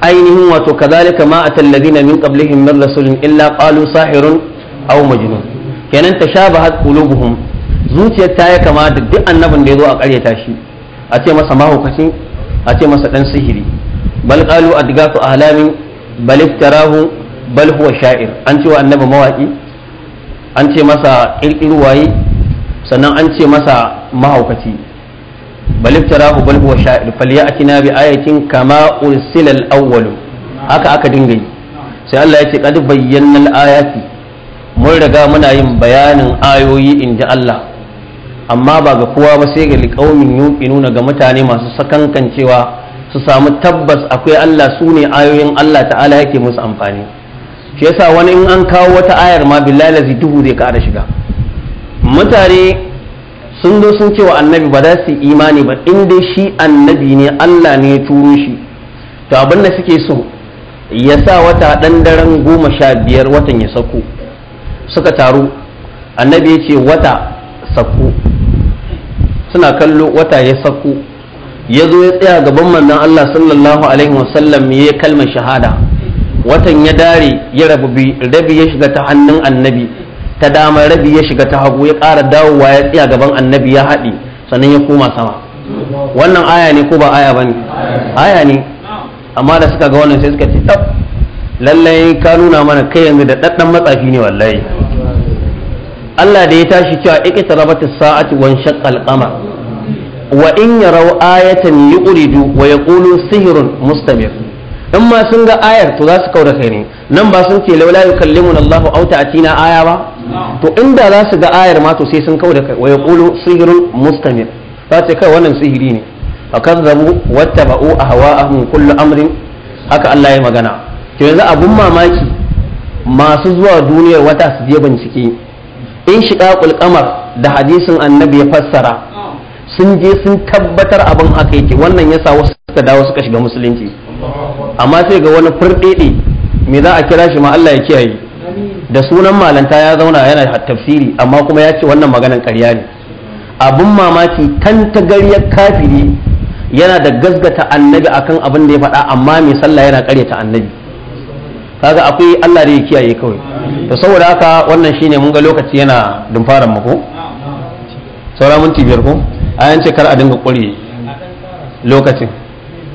ainihin wato kazalika ma atal ladina min qablihim min rasulin illa qalu sahirun aw majnun kenan tashabahat qulubuhum zuciyar ta ya kama da duk annabin da ya zo a karyata shi a ce masa mahaukaci a ce masa dan sihiri bal diga adgatu ahlamin bal iftarahu bal huwa sha'ir an ce wa annabi mawaƙi an ce masa ƙirƙirwaye sannan an ce masa mahaukaci bal iftarahu bal huwa sha'ir falyatina bi ayatin kama ursila al-awwal haka aka dinga yi sai Allah ya ce qad bayyana al-ayati mun riga muna yin bayanin ayoyi in ji Allah amma ba ga kowa ba sai ga yuƙi nuna ga mutane masu sakankancewa su samu tabbas akwai Allah su ne ayoyin Allah ta'ala yake musu amfani shi yasa wani in an kawo wata ayar ma billahi lazi duhu zai ƙara shiga mutane sun zo sun cewa annabi ba za su yi imani ba in dai shi annabi ne Allah ne ya turo shi to abin da suke so ya sa wata ɗan daren goma sha biyar watan ya sako suka taru annabi ya ce wata sakku suna kallo wata ya sakku ya zo ya tsaya gaban manzon Allah sallallahu alaihi wasallam ya kalmar shahada watan ya dare ya rabi rabi ya shiga ta hannun annabi ta dama rabi ya shiga ta hagu ya ƙara dawowa ya tsaya gaban annabi ya haɗi sannan ya koma sama wannan aya ne ko ba aya bane. aya ne amma da suka ga wannan sai suka ce lallai ka nuna mana kai yanzu da daddan matsafi ne wallahi Allah da ya tashi cewa iqtarabatis sa'ati wan shaqqal qamar wa in yarau ayatan yuqridu wa yaqulu sihrun mustamir in ma sun ga ayar to za su kauda kai ne nan ba sun ce laula yukallimuna Allahu aw ta'tina aya ba to inda za su ga ayar ma to sai sun kauda kai wa yaqulu sihrun mustamir ta ce kai wannan sihiri ne a wattaba'u ahwa'ahum kullu amrin haka Allah ya magana to yanzu abun mamaki masu zuwa duniyar wata su je bincike in shiga kulkamar da hadisin annabi ya fassara sun je sun tabbatar abin haka yake wannan yasa wasu suka dawo suka shiga musulunci amma sai ga wani furɗeɗe me za a kira shi ma Allah ya kiyaye da sunan malanta ya zauna yana tafsiri amma kuma ya ce wannan maganan ƙarya ne abun mamaki kan gariyar kafiri yana da gazgata annabi akan abin da ya faɗa amma mai sallah yana ta annabi kaga akwai Allah da ya kiyaye kawai to saboda haka wannan shine mun ga lokaci yana dumfaran mu ko saura minti biyar ko ayan ce kar a dinga ƙure lokacin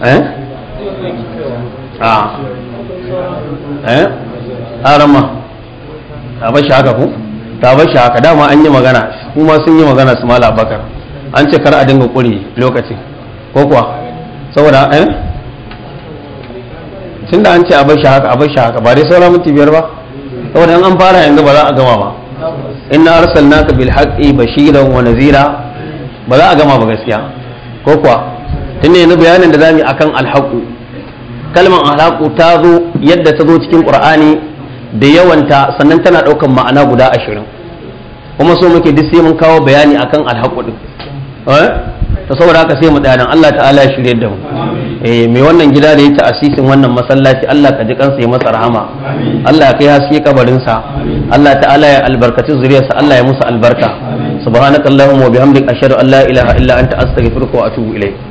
eh, ah. eh? Ah, a eh arama a bashi haka ko ta bashi haka dama an yi magana kuma sun yi magana su mala bakar an ce kar a dinga ƙure lokacin ko kuwa saboda eh tun da an ce a shi haka a shi haka ba dai saura minti biyar ba saboda an fara yanzu ba za a gama ba na inna arsalnaka bil haqqi bashiran wa nazira ba za a gama ba gaskiya ko kuwa tun yanzu bayanin da zamu yi akan alhaqu kalmar alhaqu ta zo yadda ta zo cikin ƙur'ani da yawanta sannan tana ɗaukan ma'ana guda ashirin kuma so muke duk sai mun kawo bayani akan alhaqu din eh? to saboda haka sai mu dana Allah ta'ala ya shirye da mu eh mai wannan gida da yake asisin wannan masallaci Allah ka ji kansa ya masa rahama Allah ya kai haske kabarin sa Allah ta'ala ya albarkaci zuriyarsa Allah ya musu albarka subhanakallahumma wa bihamdika ashhadu an la ilaha illa anta astaghfiruka wa atubu ilayk